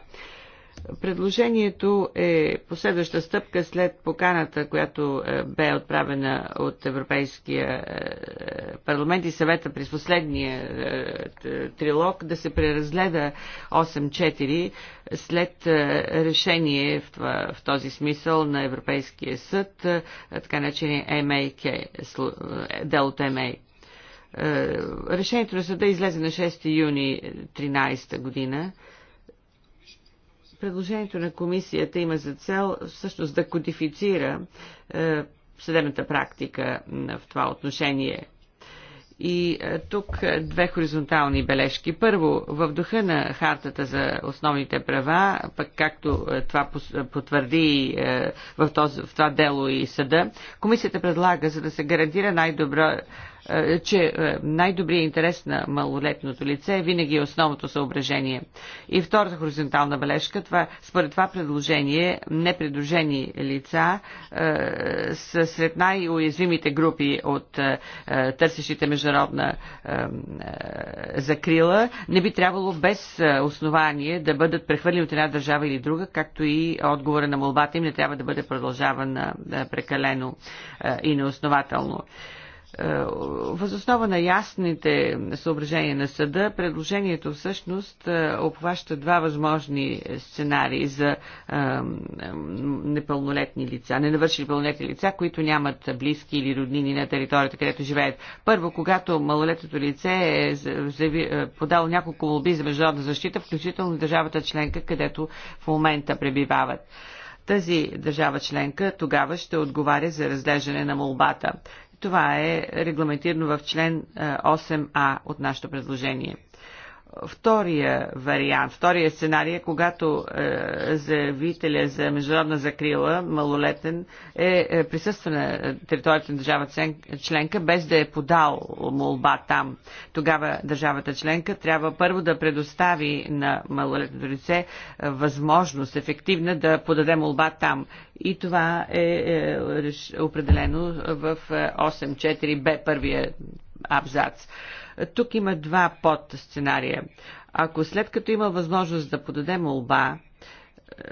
Предложението е последваща стъпка след поканата, която е, бе отправена от Европейския е, парламент и съвета през последния е, трилог да се преразгледа 8-4 след решение в, този смисъл на Европейския съд, така начинен дел делото МА. Решението на съда излезе на 6 юни 13 година Предложението на комисията има за цел всъщност да кодифицира е, съдебната практика в това отношение. И е, тук е, две хоризонтални бележки. Първо, в духа на хартата за основните права, пък както е, това потвърди в, този, в това дело и съда, комисията предлага, за да се гарантира най-добро е, че е, най-добрият интерес на малолетното лице е винаги е основното съображение. И втората хоризонтална бележка, това, според това предложение, непредружени лица е, са сред най-уязвимите групи от е, търсещите международна е, закрила. Не би трябвало без основание да бъдат прехвърлени от една държава или друга, както и отговора на молбата им не трябва да бъде продължавана прекалено и неоснователно. Е, възоснова на ясните съображения на съда, предложението всъщност е, обхваща два възможни сценарии за е, непълнолетни лица, ненавършили пълнолетни лица, които нямат близки или роднини на територията, където живеят. Първо, когато малолетното лице е подало няколко молби за международна защита, включително държавата членка, където в момента пребивават тази държава членка тогава ще отговаря за разглеждане на молбата. Това е регламентирано в член 8а е, от нашето предложение втория вариант, втория сценарий, е, когато е, заявителя за международна закрила, малолетен, е, е присъства на територията на държавата членка, без да е подал молба там. Тогава държавата членка трябва първо да предостави на малолетното лице е, възможност ефективна да подаде молба там. И това е, е определено в 8.4b, е, първия абзац. Тук има два подсценария. Ако след като има възможност да подадем молба,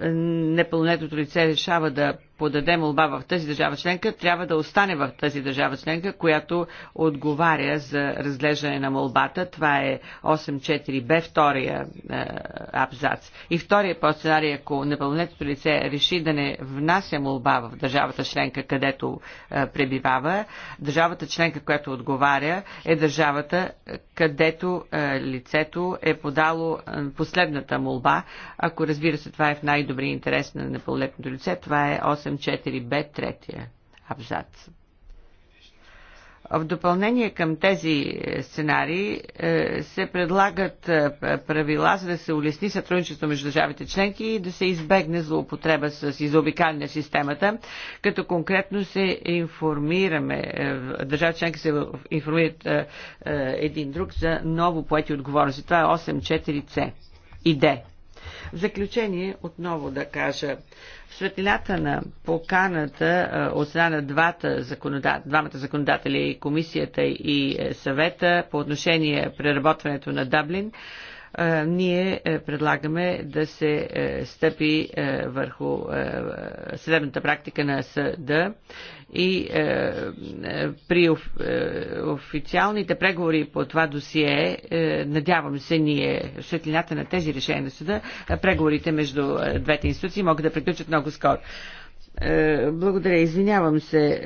е, непълнетното лице решава да подаде молба в тази държава членка, трябва да остане в тази държава членка, която отговаря за разглеждане на молбата. Това е 8.4b, втория е, абзац. И втория сценарий, ако непълнолетното лице реши да не внася молба в държавата членка, където е, пребивава, държавата членка, която отговаря, е държавата, където е, лицето е подало е, последната молба. Ако разбира се, това е в най-добрия интерес на непълнолетното лице, това е 8 84 б третия абзац. В допълнение към тези е, сценарии е, се предлагат е, правила, за да се улесни сътрудничество между държавите членки и да се избегне злоупотреба с изобикаляне на системата, като конкретно се информираме, държавите членки се информират един друг за ново поети отговорности. Това е 8.4c и D. В заключение отново да кажа, в светлината на поканата от страна на двата законодат, двамата законодатели, комисията и е, съвета по отношение преработването на Даблин, ние е, предлагаме да се е, стъпи е, върху съдебната практика на съда и при официалните преговори по това досие, надявам се ние, светлината на тези решения на съда, преговорите между двете институции могат да приключат много скоро. Благодаря, извинявам се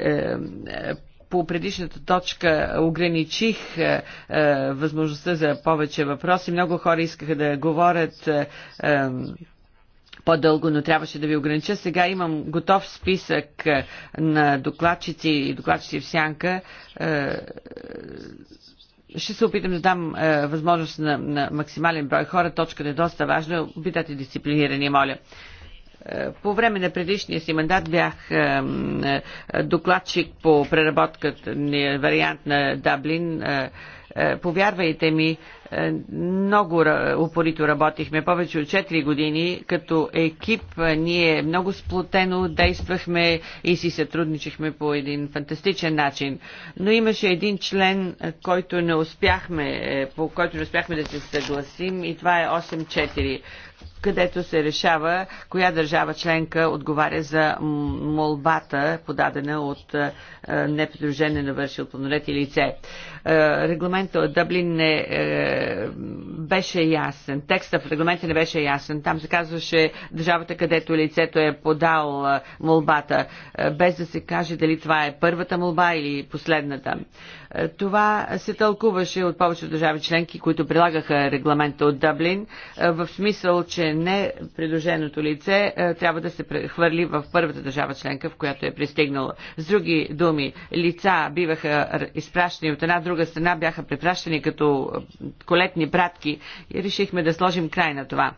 по предишната точка ограничих е, е, възможността за повече въпроси. Много хора искаха да говорят е, е по-дълго, но трябваше да ви огранича. Сега имам готов списък е, на докладчици и докладчици в сянка. Ще се опитам да дам е, възможност на, на максимален брой хора. Точката е доста важна. Обидате дисциплинирани, моля. По време на предишния си мандат бях е, докладчик по преработката вариант на Даблин. Е, е, повярвайте ми, много упорито работихме, повече от 4 години. Като екип ние много сплотено действахме и си сътрудничихме по един фантастичен начин. Но имаше един член, който не успяхме, по който не успяхме да се съгласим и това е 8-4 където се решава коя държава членка отговаря за молбата, подадена от е, е, на вършил пълнолетие лице. Е, регламентът от Дъблин е беше ясен. Текста в регламента не беше ясен. Там се казваше държавата, където лицето е подал молбата, без да се каже дали това е първата молба или последната. Това се тълкуваше от повечето държави членки, които прилагаха регламента от Дъблин, в смисъл, че не предложеното лице трябва да се хвърли в първата държава членка, в която е пристигнала. С други думи, лица биваха изпращани от една друга страна, бяха препращани като колетни пратки и решихме да сложим край на това.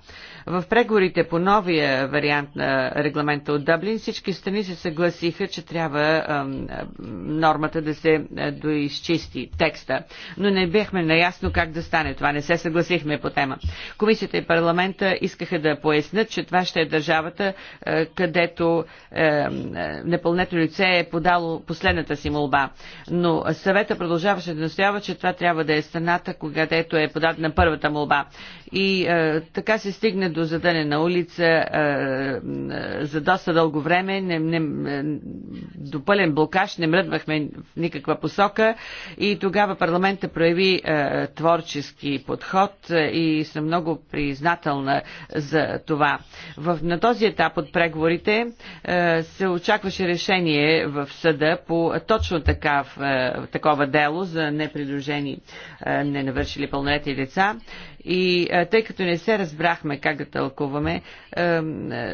В преговорите по новия вариант на регламента от Дъблин всички страни се съгласиха, че трябва ам, нормата да се доизчисти текста, но не бяхме наясно как да стане това. Не се съгласихме по тема. Комисията и парламента искаха да пояснят, че това ще е държавата, а, където а, непълнето лице е подало последната си молба. Но съвета продължаваше да настоява, че това трябва да е страната, когато е подадена първата моята молба. И е, така се стигна до на улица е, е, за доста дълго време, не, не, е, до пълен блокаж, не мръдвахме в никаква посока и тогава парламента прояви е, творчески подход е, и съм много признателна за това. В, на този етап от преговорите е, се очакваше решение в съда по точно такав, е, такова дело за непридружени, е, ненавършили пълнолетни деца. И тъй като не се разбрахме как да тълкуваме,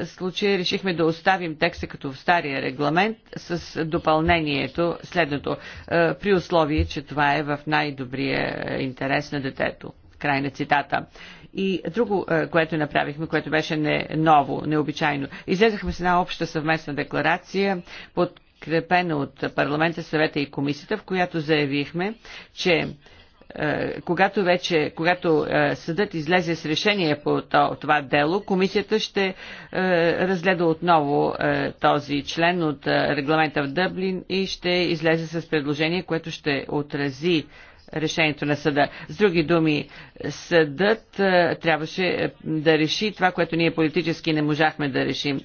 случай решихме да оставим текста като в стария регламент с допълнението следното, при условие, че това е в най-добрия интерес на детето. Край на цитата. И друго, което направихме, което беше не ново, необичайно. Излезахме с една обща съвместна декларация под подкрепена от парламента, съвета и комисията, в която заявихме, че е, когато вече, когато е, съдът излезе с решение по това дело, комисията ще е, разгледа отново този член от регламента в Дъблин и ще излезе с предложение, което ще отрази решението на съда. С други думи, съдът трябваше да реши това, което ние политически не можахме да решим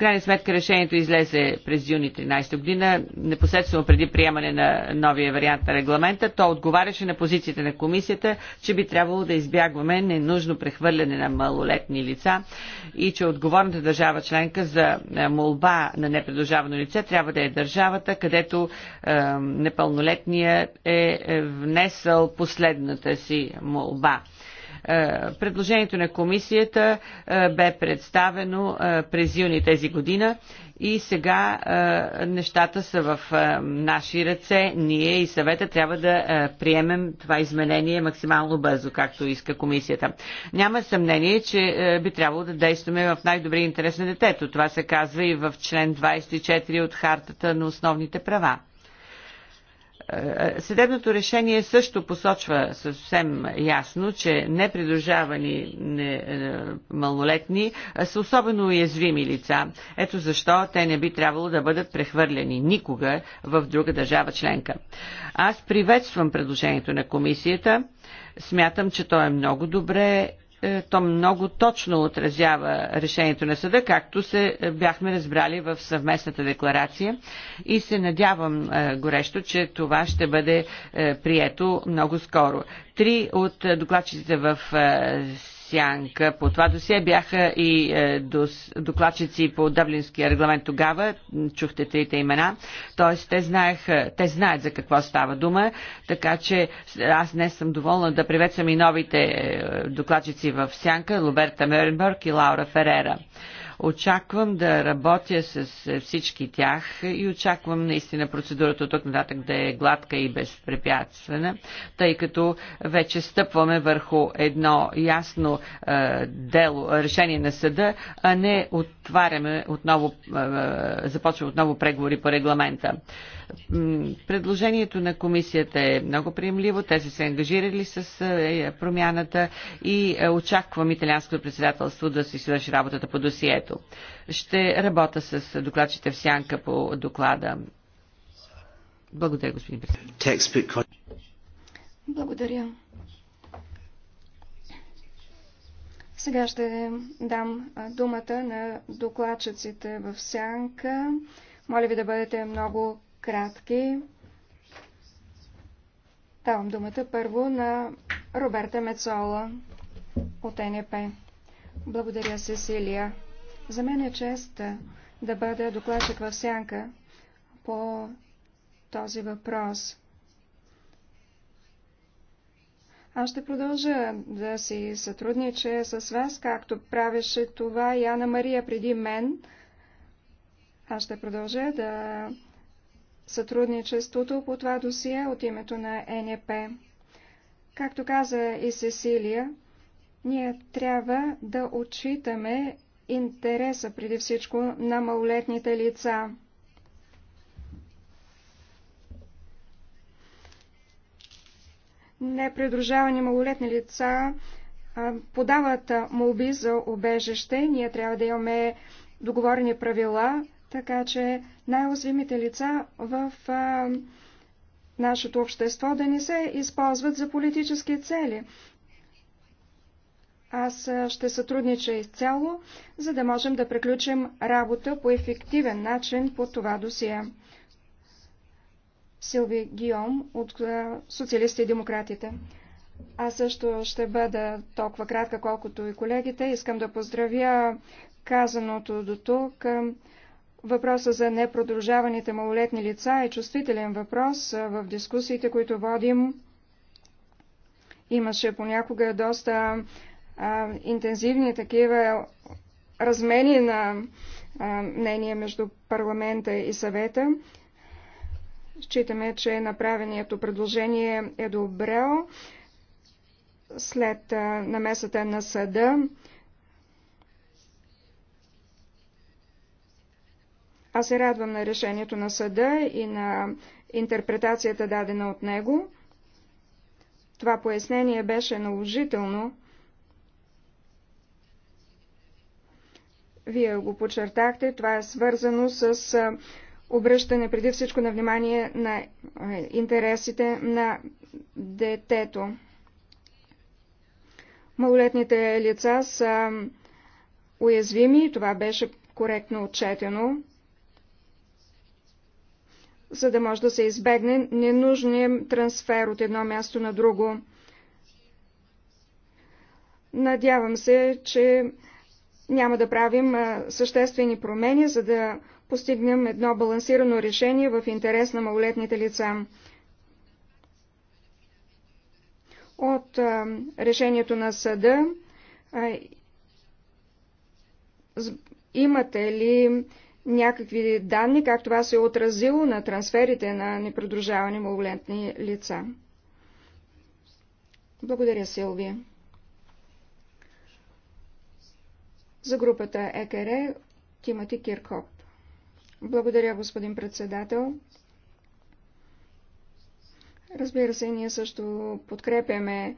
крайна сметка решението излезе през юни 13 година, непосредствено преди приемане на новия вариант на регламента. То отговаряше на позицията на комисията, че би трябвало да избягваме ненужно прехвърляне на малолетни лица и че отговорната държава членка за е, молба на непредължавано лице трябва да е държавата, където е, непълнолетният е, е внесъл последната си молба. Е, предложението на комисията е, бе представено е, през юни тези година и сега нещата са в наши ръце. Ние и съвета трябва да приемем това изменение максимално бързо, както иска комисията. Няма съмнение, че би трябвало да действаме в най-добрия интерес на детето. Това се казва и в член 24 от Хартата на основните права. Е, съдебното решение също посочва съвсем ясно, че непридружавани е, малолетни са особено уязвими лица. Ето защо те не би трябвало да бъдат прехвърляни никога в друга държава членка. Аз приветствам предложението на комисията. Смятам, че то е много добре е, то много точно отразява решението на съда, както се е, бяхме разбрали в съвместната декларация и се надявам е, горещо, че това ще бъде прието много скоро. Три от докладчиците в сянка по това досие бяха и е, докладчици по Дъблинския регламент тогава, чухте трите имена, т.е. те, знаеха, те знаят за какво става дума, така че аз не съм доволна да приветствам и новите е, докладчици в сянка, Лоберта Меренбърг и Лаура Ферера. Очаквам да работя с всички тях и очаквам наистина процедурата от тук нататък да е гладка и безпрепятствена, тъй като вече стъпваме върху едно ясно е, дело, решение на съда, а не от отваряме отново, Започва отново преговори по регламента. Предложението на комисията е много приемливо. Те са се ангажирали с е, промяната и очаквам италианското председателство да си свърши работата по досието. Ще работя с докладчите в сянка по доклада. Благодаря, господин председател. Благодаря. Сега ще дам думата на докладчиците в сянка. Моля ви да бъдете много кратки. Давам думата първо на Роберта Мецола от НП. Благодаря, Сесилия. За мен е чест да бъда докладчик в сянка по този въпрос. Аз ще продължа да си сътрудниче с вас, както правеше това и Ана Мария преди мен. Аз ще продължа да сътрудничеството по това досие от името на НЕП. Както каза и Сесилия, ние трябва да отчитаме интереса преди всичко на малолетните лица. непредружавани малолетни лица подават молби за обежище. Ние трябва да имаме договорени правила, така че най-уязвимите лица в нашето общество да не се използват за политически цели. Аз ще сътруднича изцяло, за да можем да приключим работа по ефективен начин по това досие. Силви Гиом от Социалистите и демократите. Аз също ще бъда толкова кратка, колкото и колегите. Искам да поздравя казаното до тук. Въпросът за непродължаваните малолетни лица е чувствителен въпрос. В дискусиите, които водим, имаше понякога доста а, интензивни такива размени на а, мнение между парламента и съвета. Считаме, че направението предложение е добре. След намесата на съда Аз се радвам на решението на съда и на интерпретацията дадена от него. Това пояснение беше наложително. Вие го подчертахте, това е свързано с обръщане преди всичко на внимание на е, интересите на детето. Малолетните лица са уязвими, това беше коректно отчетено, за да може да се избегне ненужния трансфер от едно място на друго. Надявам се, че няма да правим съществени промени, за да постигнем едно балансирано решение в интерес на малолетните лица. От а, решението на съда а, имате ли някакви данни, как това се е отразило на трансферите на непродружавани малолетни лица? Благодаря, Силвия. За групата ЕКР Тимати Киркоп. Благодаря, господин председател. Разбира се, ние също подкрепяме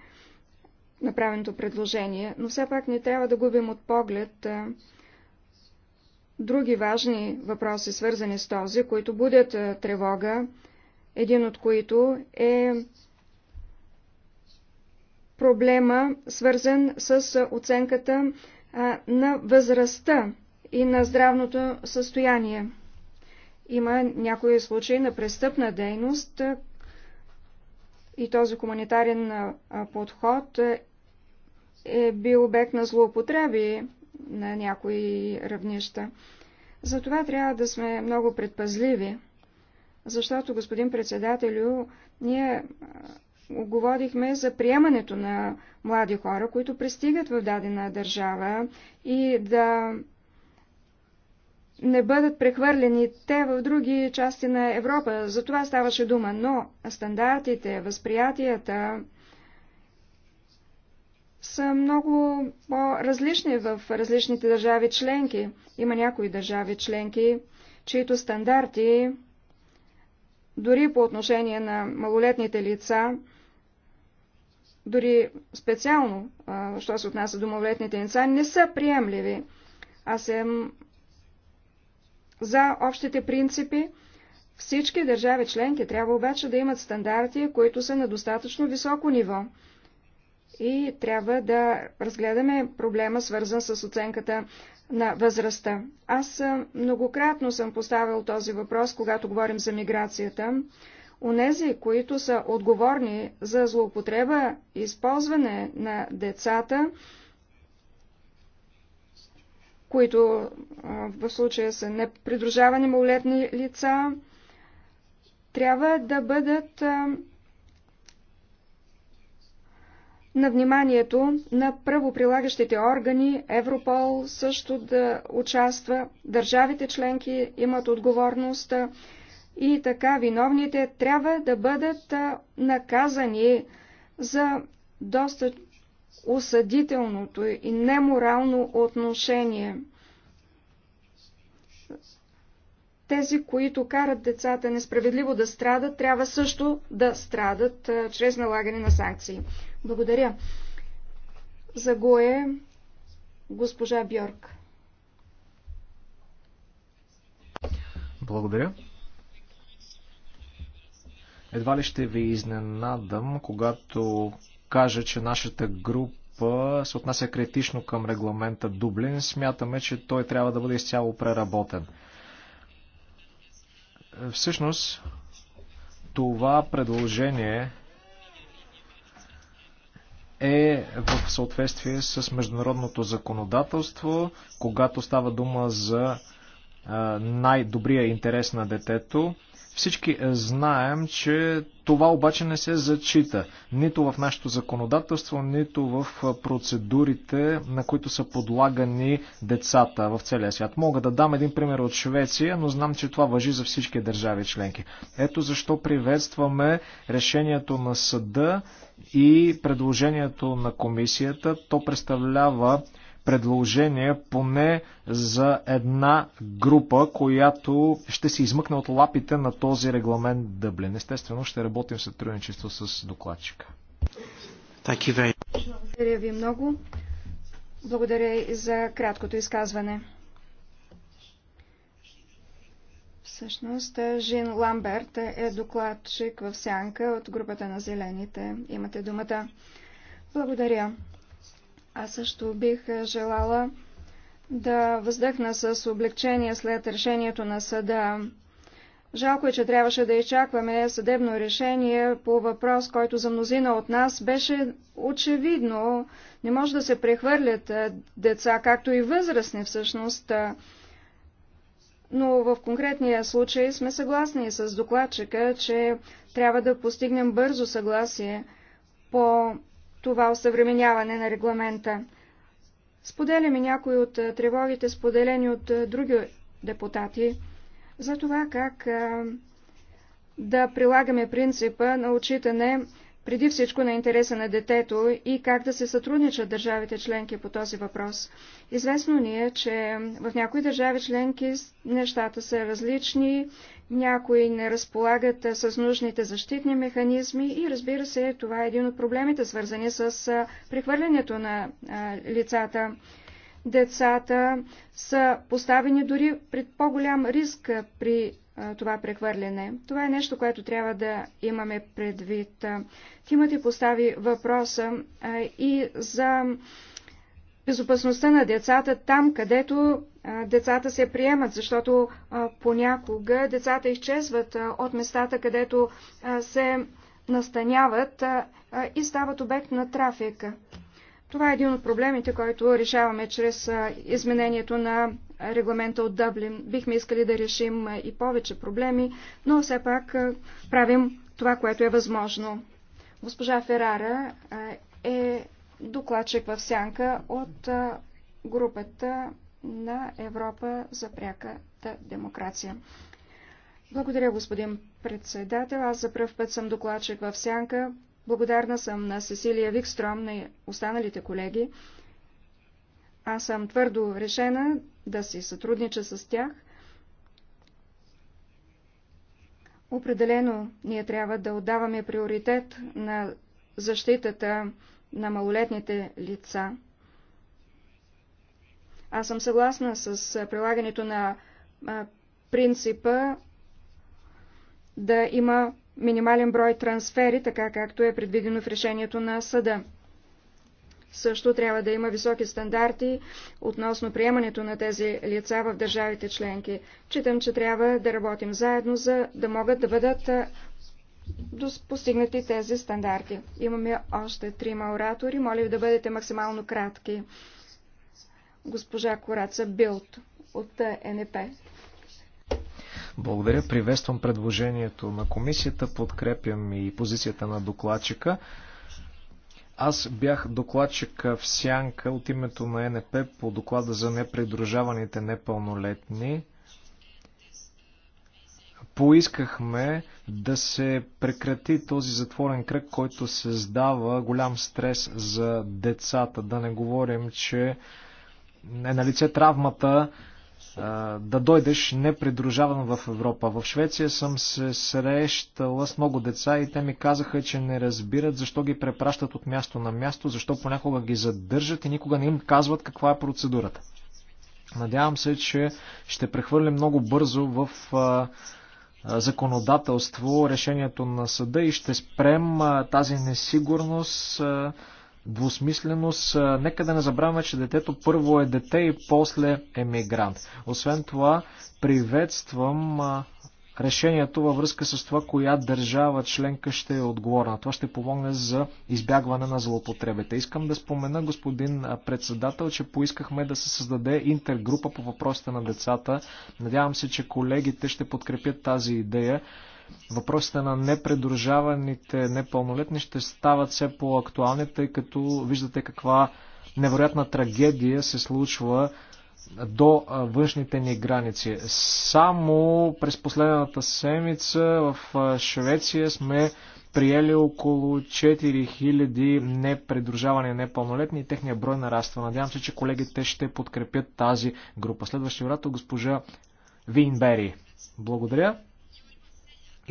направеното предложение, но все пак не трябва да губим от поглед а, други важни въпроси, свързани с този, които будят а, тревога, един от които е проблема, свързан с оценката а, на възрастта и на здравното състояние. Има някои случаи на престъпна дейност и този хуманитарен подход е бил обект на злоупотреби на някои равнища. Затова трябва да сме много предпазливи, защото, господин председателю, ние оговорихме за приемането на млади хора, които пристигат в дадена държава и да не бъдат прехвърлени те в други части на Европа. За това ставаше дума. Но стандартите, възприятията са много по-различни в различните държави членки. Има някои държави членки, чието стандарти дори по отношение на малолетните лица, дори специално, що се отнася до малолетните лица, не са приемливи. Аз съм за общите принципи. Всички държави членки трябва обаче да имат стандарти, които са на достатъчно високо ниво. И трябва да разгледаме проблема, свързан с оценката на възрастта. Аз многократно съм поставил този въпрос, когато говорим за миграцията. Онези, които са отговорни за злоупотреба и използване на децата, които в случая са непридружавани малолетни лица, трябва да бъдат на вниманието на правоприлагащите органи, Европол също да участва, държавите членки имат отговорност и така виновните трябва да бъдат наказани за доста осъдителното и неморално отношение. Тези, които карат децата несправедливо да страдат, трябва също да страдат а, чрез налагане на санкции. Благодаря. За го е госпожа Бьорк. Благодаря. Едва ли ще ви изненадам, когато кажа, че нашата група се отнася критично към регламента Дублин. Смятаме, че той трябва да бъде изцяло преработен. Всъщност, това предложение е в съответствие с международното законодателство, когато става дума за най-добрия интерес на детето. Всички е, знаем, че това обаче не се зачита нито в нашето законодателство, нито в е, процедурите, на които са подлагани децата в целия свят. Мога да дам един пример от Швеция, но знам, че това въжи за всички държави членки. Ето защо приветстваме решението на съда и предложението на комисията. То представлява предложения поне за една група, която ще се измъкне от лапите на този регламент Дъблин. Естествено ще работим в сътрудничество с докладчика. Благодаря ви много. Благодаря и за краткото изказване. Всъщност, Жин Ламберт е докладчик в сянка от групата на зелените. Имате думата. Благодаря. Аз също бих е, желала да въздъхна с облегчение след решението на съда. Жалко е, че трябваше да изчакваме съдебно решение по въпрос, който за мнозина от нас беше очевидно. Не може да се прехвърлят е, деца, както и възрастни всъщност. Но в конкретния случай сме съгласни с докладчика, че трябва да постигнем бързо съгласие по това осъвременяване на регламента. Споделяме някои от тревогите, споделени от други депутати, за това как да прилагаме принципа на отчитане преди всичко на интереса на детето и как да се сътрудничат държавите членки по този въпрос. Известно ни е, че в някои държави членки нещата са различни, някои не разполагат с нужните защитни механизми и разбира се, това е един от проблемите, свързани с прехвърлянето на лицата. Децата са поставени дори пред по-голям риск при това прехвърляне. Това е нещо, което трябва да имаме предвид. Тимати постави въпроса и за безопасността на децата там, където децата се приемат, защото понякога децата изчезват от местата, където се настаняват и стават обект на трафика. Това е един от проблемите, който решаваме чрез изменението на регламента от Дъблин. Бихме искали да решим и повече проблеми, но все пак правим това, което е възможно. Госпожа Ферара е докладчик в сянка от групата на Европа за пряката демокрация. Благодаря, господин председател. Аз за пръв път съм докладчик в сянка. Благодарна съм на Сесилия Викстром, на останалите колеги. Аз съм твърдо решена да си сътруднича с тях. Определено ние трябва да отдаваме приоритет на защитата на малолетните лица. Аз съм съгласна с прилагането на принципа да има минимален брой трансфери, така както е предвидено в решението на съда. Също трябва да има високи стандарти относно приемането на тези лица в държавите членки. Читам, че трябва да работим заедно, за да могат да бъдат до постигнати тези стандарти. Имаме още трима оратори. Моля ви да бъдете максимално кратки. Госпожа Кораца Билт от ЕНП. Благодаря. Приветствам предложението на комисията. Подкрепям и позицията на докладчика. Аз бях докладчик в Сянка от името на НП по доклада за непридружаваните непълнолетни поискахме да се прекрати този затворен кръг, който създава голям стрес за децата. Да не говорим, че е на лице травмата да дойдеш непридружаван в Европа. В Швеция съм се срещала с много деца и те ми казаха, че не разбират защо ги препращат от място на място, защо понякога ги задържат и никога не им казват каква е процедурата. Надявам се, че ще прехвърлим много бързо в законодателство, решението на съда и ще спрем тази несигурност, двусмисленост. Нека да не забравяме, че детето първо е дете и после е мигрант. Освен това, приветствам решението във връзка с това, коя държава членка ще е отговорна. Това ще помогне за избягване на злоупотребите. Искам да спомена, господин председател, че поискахме да се създаде интергрупа по въпросите на децата. Надявам се, че колегите ще подкрепят тази идея. Въпросите на непредружаваните непълнолетни ще стават все по-актуални, тъй като виждате каква невероятна трагедия се случва до външните ни граници. Само през последната седмица в Швеция сме приели около 4000 непредружавани непълнолетни и техния брой нараства. Надявам се, че колегите ще подкрепят тази група. Следващия оратор госпожа Винбери. Благодаря.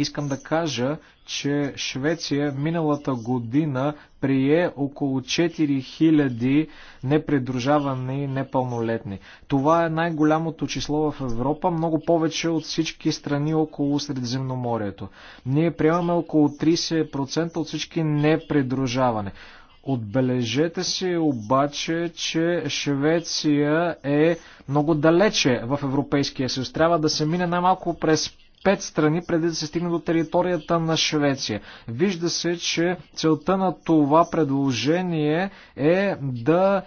Искам да кажа, че Швеция миналата година прие около 4000 непридружавани непълнолетни. Това е най-голямото число в Европа, много повече от всички страни около Средиземноморието. Ние приемаме около 30% от всички непридружаване. Отбележете си обаче, че Швеция е много далече в Европейския съюз. Трябва да се мине най-малко през пет страни преди да се стигне до територията на Швеция. Вижда се, че целта на това предложение е да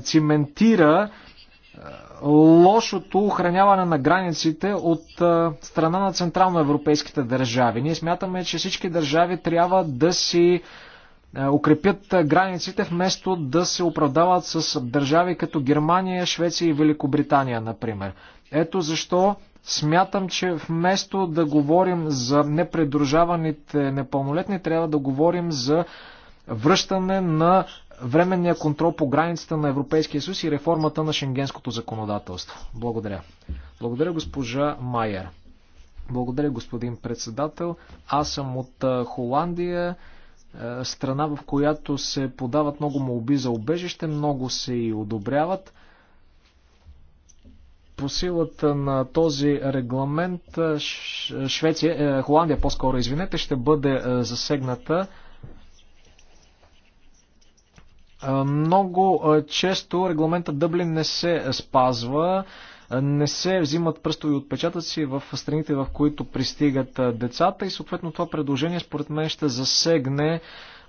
циментира лошото охраняване на границите от страна на централноевропейските държави. Ние смятаме, че всички държави трябва да си укрепят границите, вместо да се оправдават с държави като Германия, Швеция и Великобритания, например. Ето защо Смятам, че вместо да говорим за непредружаваните непълнолетни, трябва да говорим за връщане на временния контрол по границата на Европейския съюз и реформата на шенгенското законодателство. Благодаря. Благодаря госпожа Майер. Благодаря господин председател. Аз съм от Холандия, страна в която се подават много молби за убежище, много се и одобряват по силата на този регламент Швеция, е, Холандия по-скоро, извинете, ще бъде е, засегната. Много често регламента Дъблин не се спазва, не се взимат пръстови отпечатъци в страните, в които пристигат децата и съответно това предложение според мен ще засегне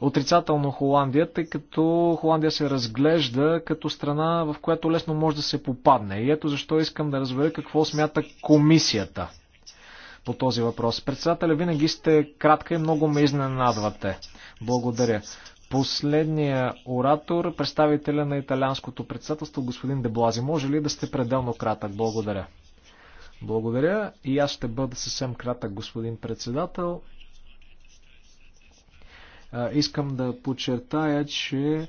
отрицателно Холандия, тъй като Холандия се разглежда като страна, в която лесно може да се попадне. И ето защо искам да разбера какво смята комисията по този въпрос. Председателя, винаги сте кратка и много ме изненадвате. Благодаря. Последния оратор, представителя на италианското председателство, господин Деблази. Може ли да сте пределно кратък? Благодаря. Благодаря и аз ще бъда съвсем кратък, господин председател. Искам да подчертая, че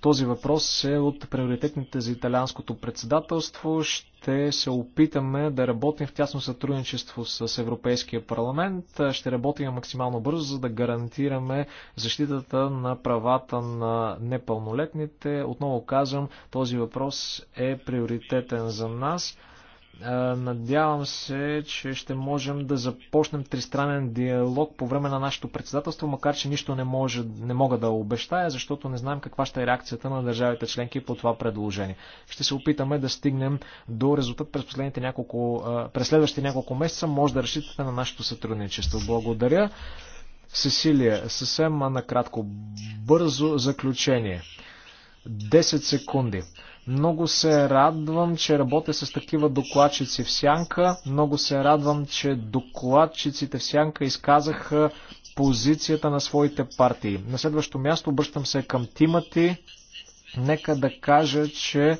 този въпрос е от приоритетните за италианското председателство. Ще се опитаме да работим в тясно сътрудничество с Европейския парламент. Ще работим максимално бързо, за да гарантираме защитата на правата на непълнолетните. Отново казвам, този въпрос е приоритетен за нас. Надявам се, че ще можем да започнем тристранен диалог по време на нашето председателство, макар че нищо не, може, не мога да обещая, защото не знаем каква ще е реакцията на държавите членки по това предложение. Ще се опитаме да стигнем до резултат през, последните няколко, през следващите няколко месеца. Може да разчитате на нашето сътрудничество. Благодаря. Сесилия, съвсем накратко, бързо заключение. 10 секунди. Много се радвам, че работя с такива докладчици в Сянка. Много се радвам, че докладчиците в Сянка изказаха позицията на своите партии. На следващо място обръщам се към Тимати. Нека да кажа, че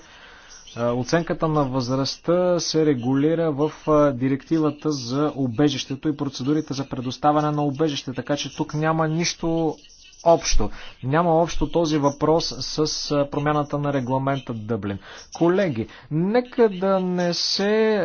Оценката на възрастта се регулира в директивата за обежището и процедурите за предоставяне на обежище, така че тук няма нищо общо. Няма общо този въпрос с промяната на регламента Дъблин. Колеги, нека да не се е,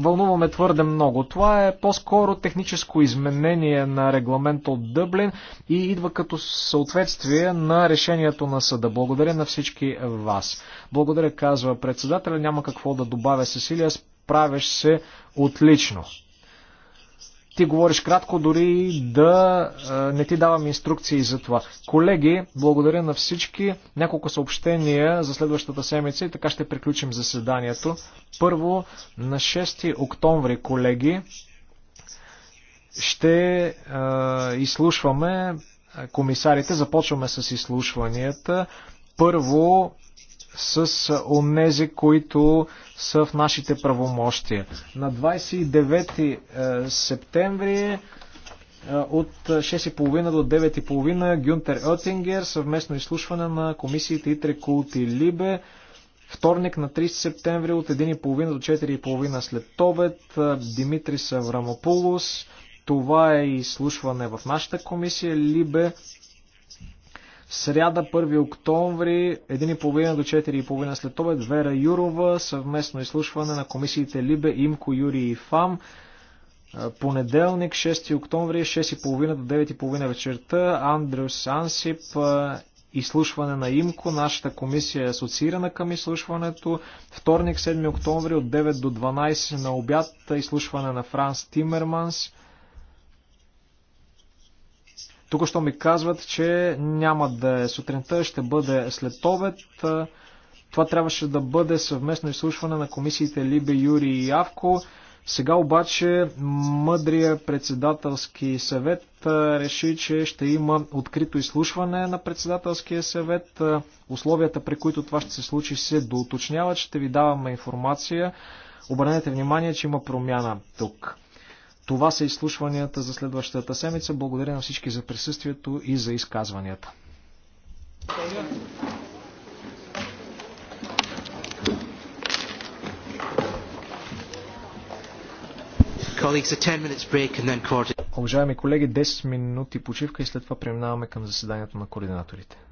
вълнуваме твърде много. Това е по-скоро техническо изменение на регламента от Дъблин и идва като съответствие на решението на съда. Благодаря на всички вас. Благодаря, казва председателя. Няма какво да добавя, Сесилия. Справяш се отлично ти говориш кратко, дори да не ти давам инструкции за това. Колеги, благодаря на всички. Няколко съобщения за следващата седмица и така ще приключим заседанието. Първо, на 6 октомври, колеги, ще изслушваме комисарите. Започваме с изслушванията. Първо, с онези, които са в нашите правомощия. На 29 е, септември е, от 6.30 до 9.30 Гюнтер Отингер, съвместно изслушване на комисиите ИТРЕ, КУЛТ и ЛИБЕ. Вторник на 30 септември от 1.30 до 4.30 след обед е, Димитри Саврамопулос. Това е изслушване в нашата комисия Либе Сряда, 1 октомври, 1.30 до 4.30 след обед, Вера Юрова, съвместно изслушване на комисиите Либе, Имко, Юри и ФАМ. Понеделник, 6 октомври, 6.30 до 9.30 вечерта, Андрюс Ансип, изслушване на ИМКО. Нашата комисия е асоциирана към изслушването. Вторник, 7 октомври, от 9 до 12 на обяд, изслушване на Франс Тимерманс. Тук що ми казват, че няма да е сутринта, ще бъде след обед. Това трябваше да бъде съвместно изслушване на комисиите Либе, Юри и Явко. Сега обаче мъдрия председателски съвет реши, че ще има открито изслушване на председателския съвет. Условията, при които това ще се случи, се доуточняват. Ще ви даваме информация. Обърнете внимание, че има промяна тук. Това са изслушванията за следващата седмица. Благодаря на всички за присъствието и за изказванията. Уважаеми колеги, 10 минути почивка и след това преминаваме към заседанието на координаторите.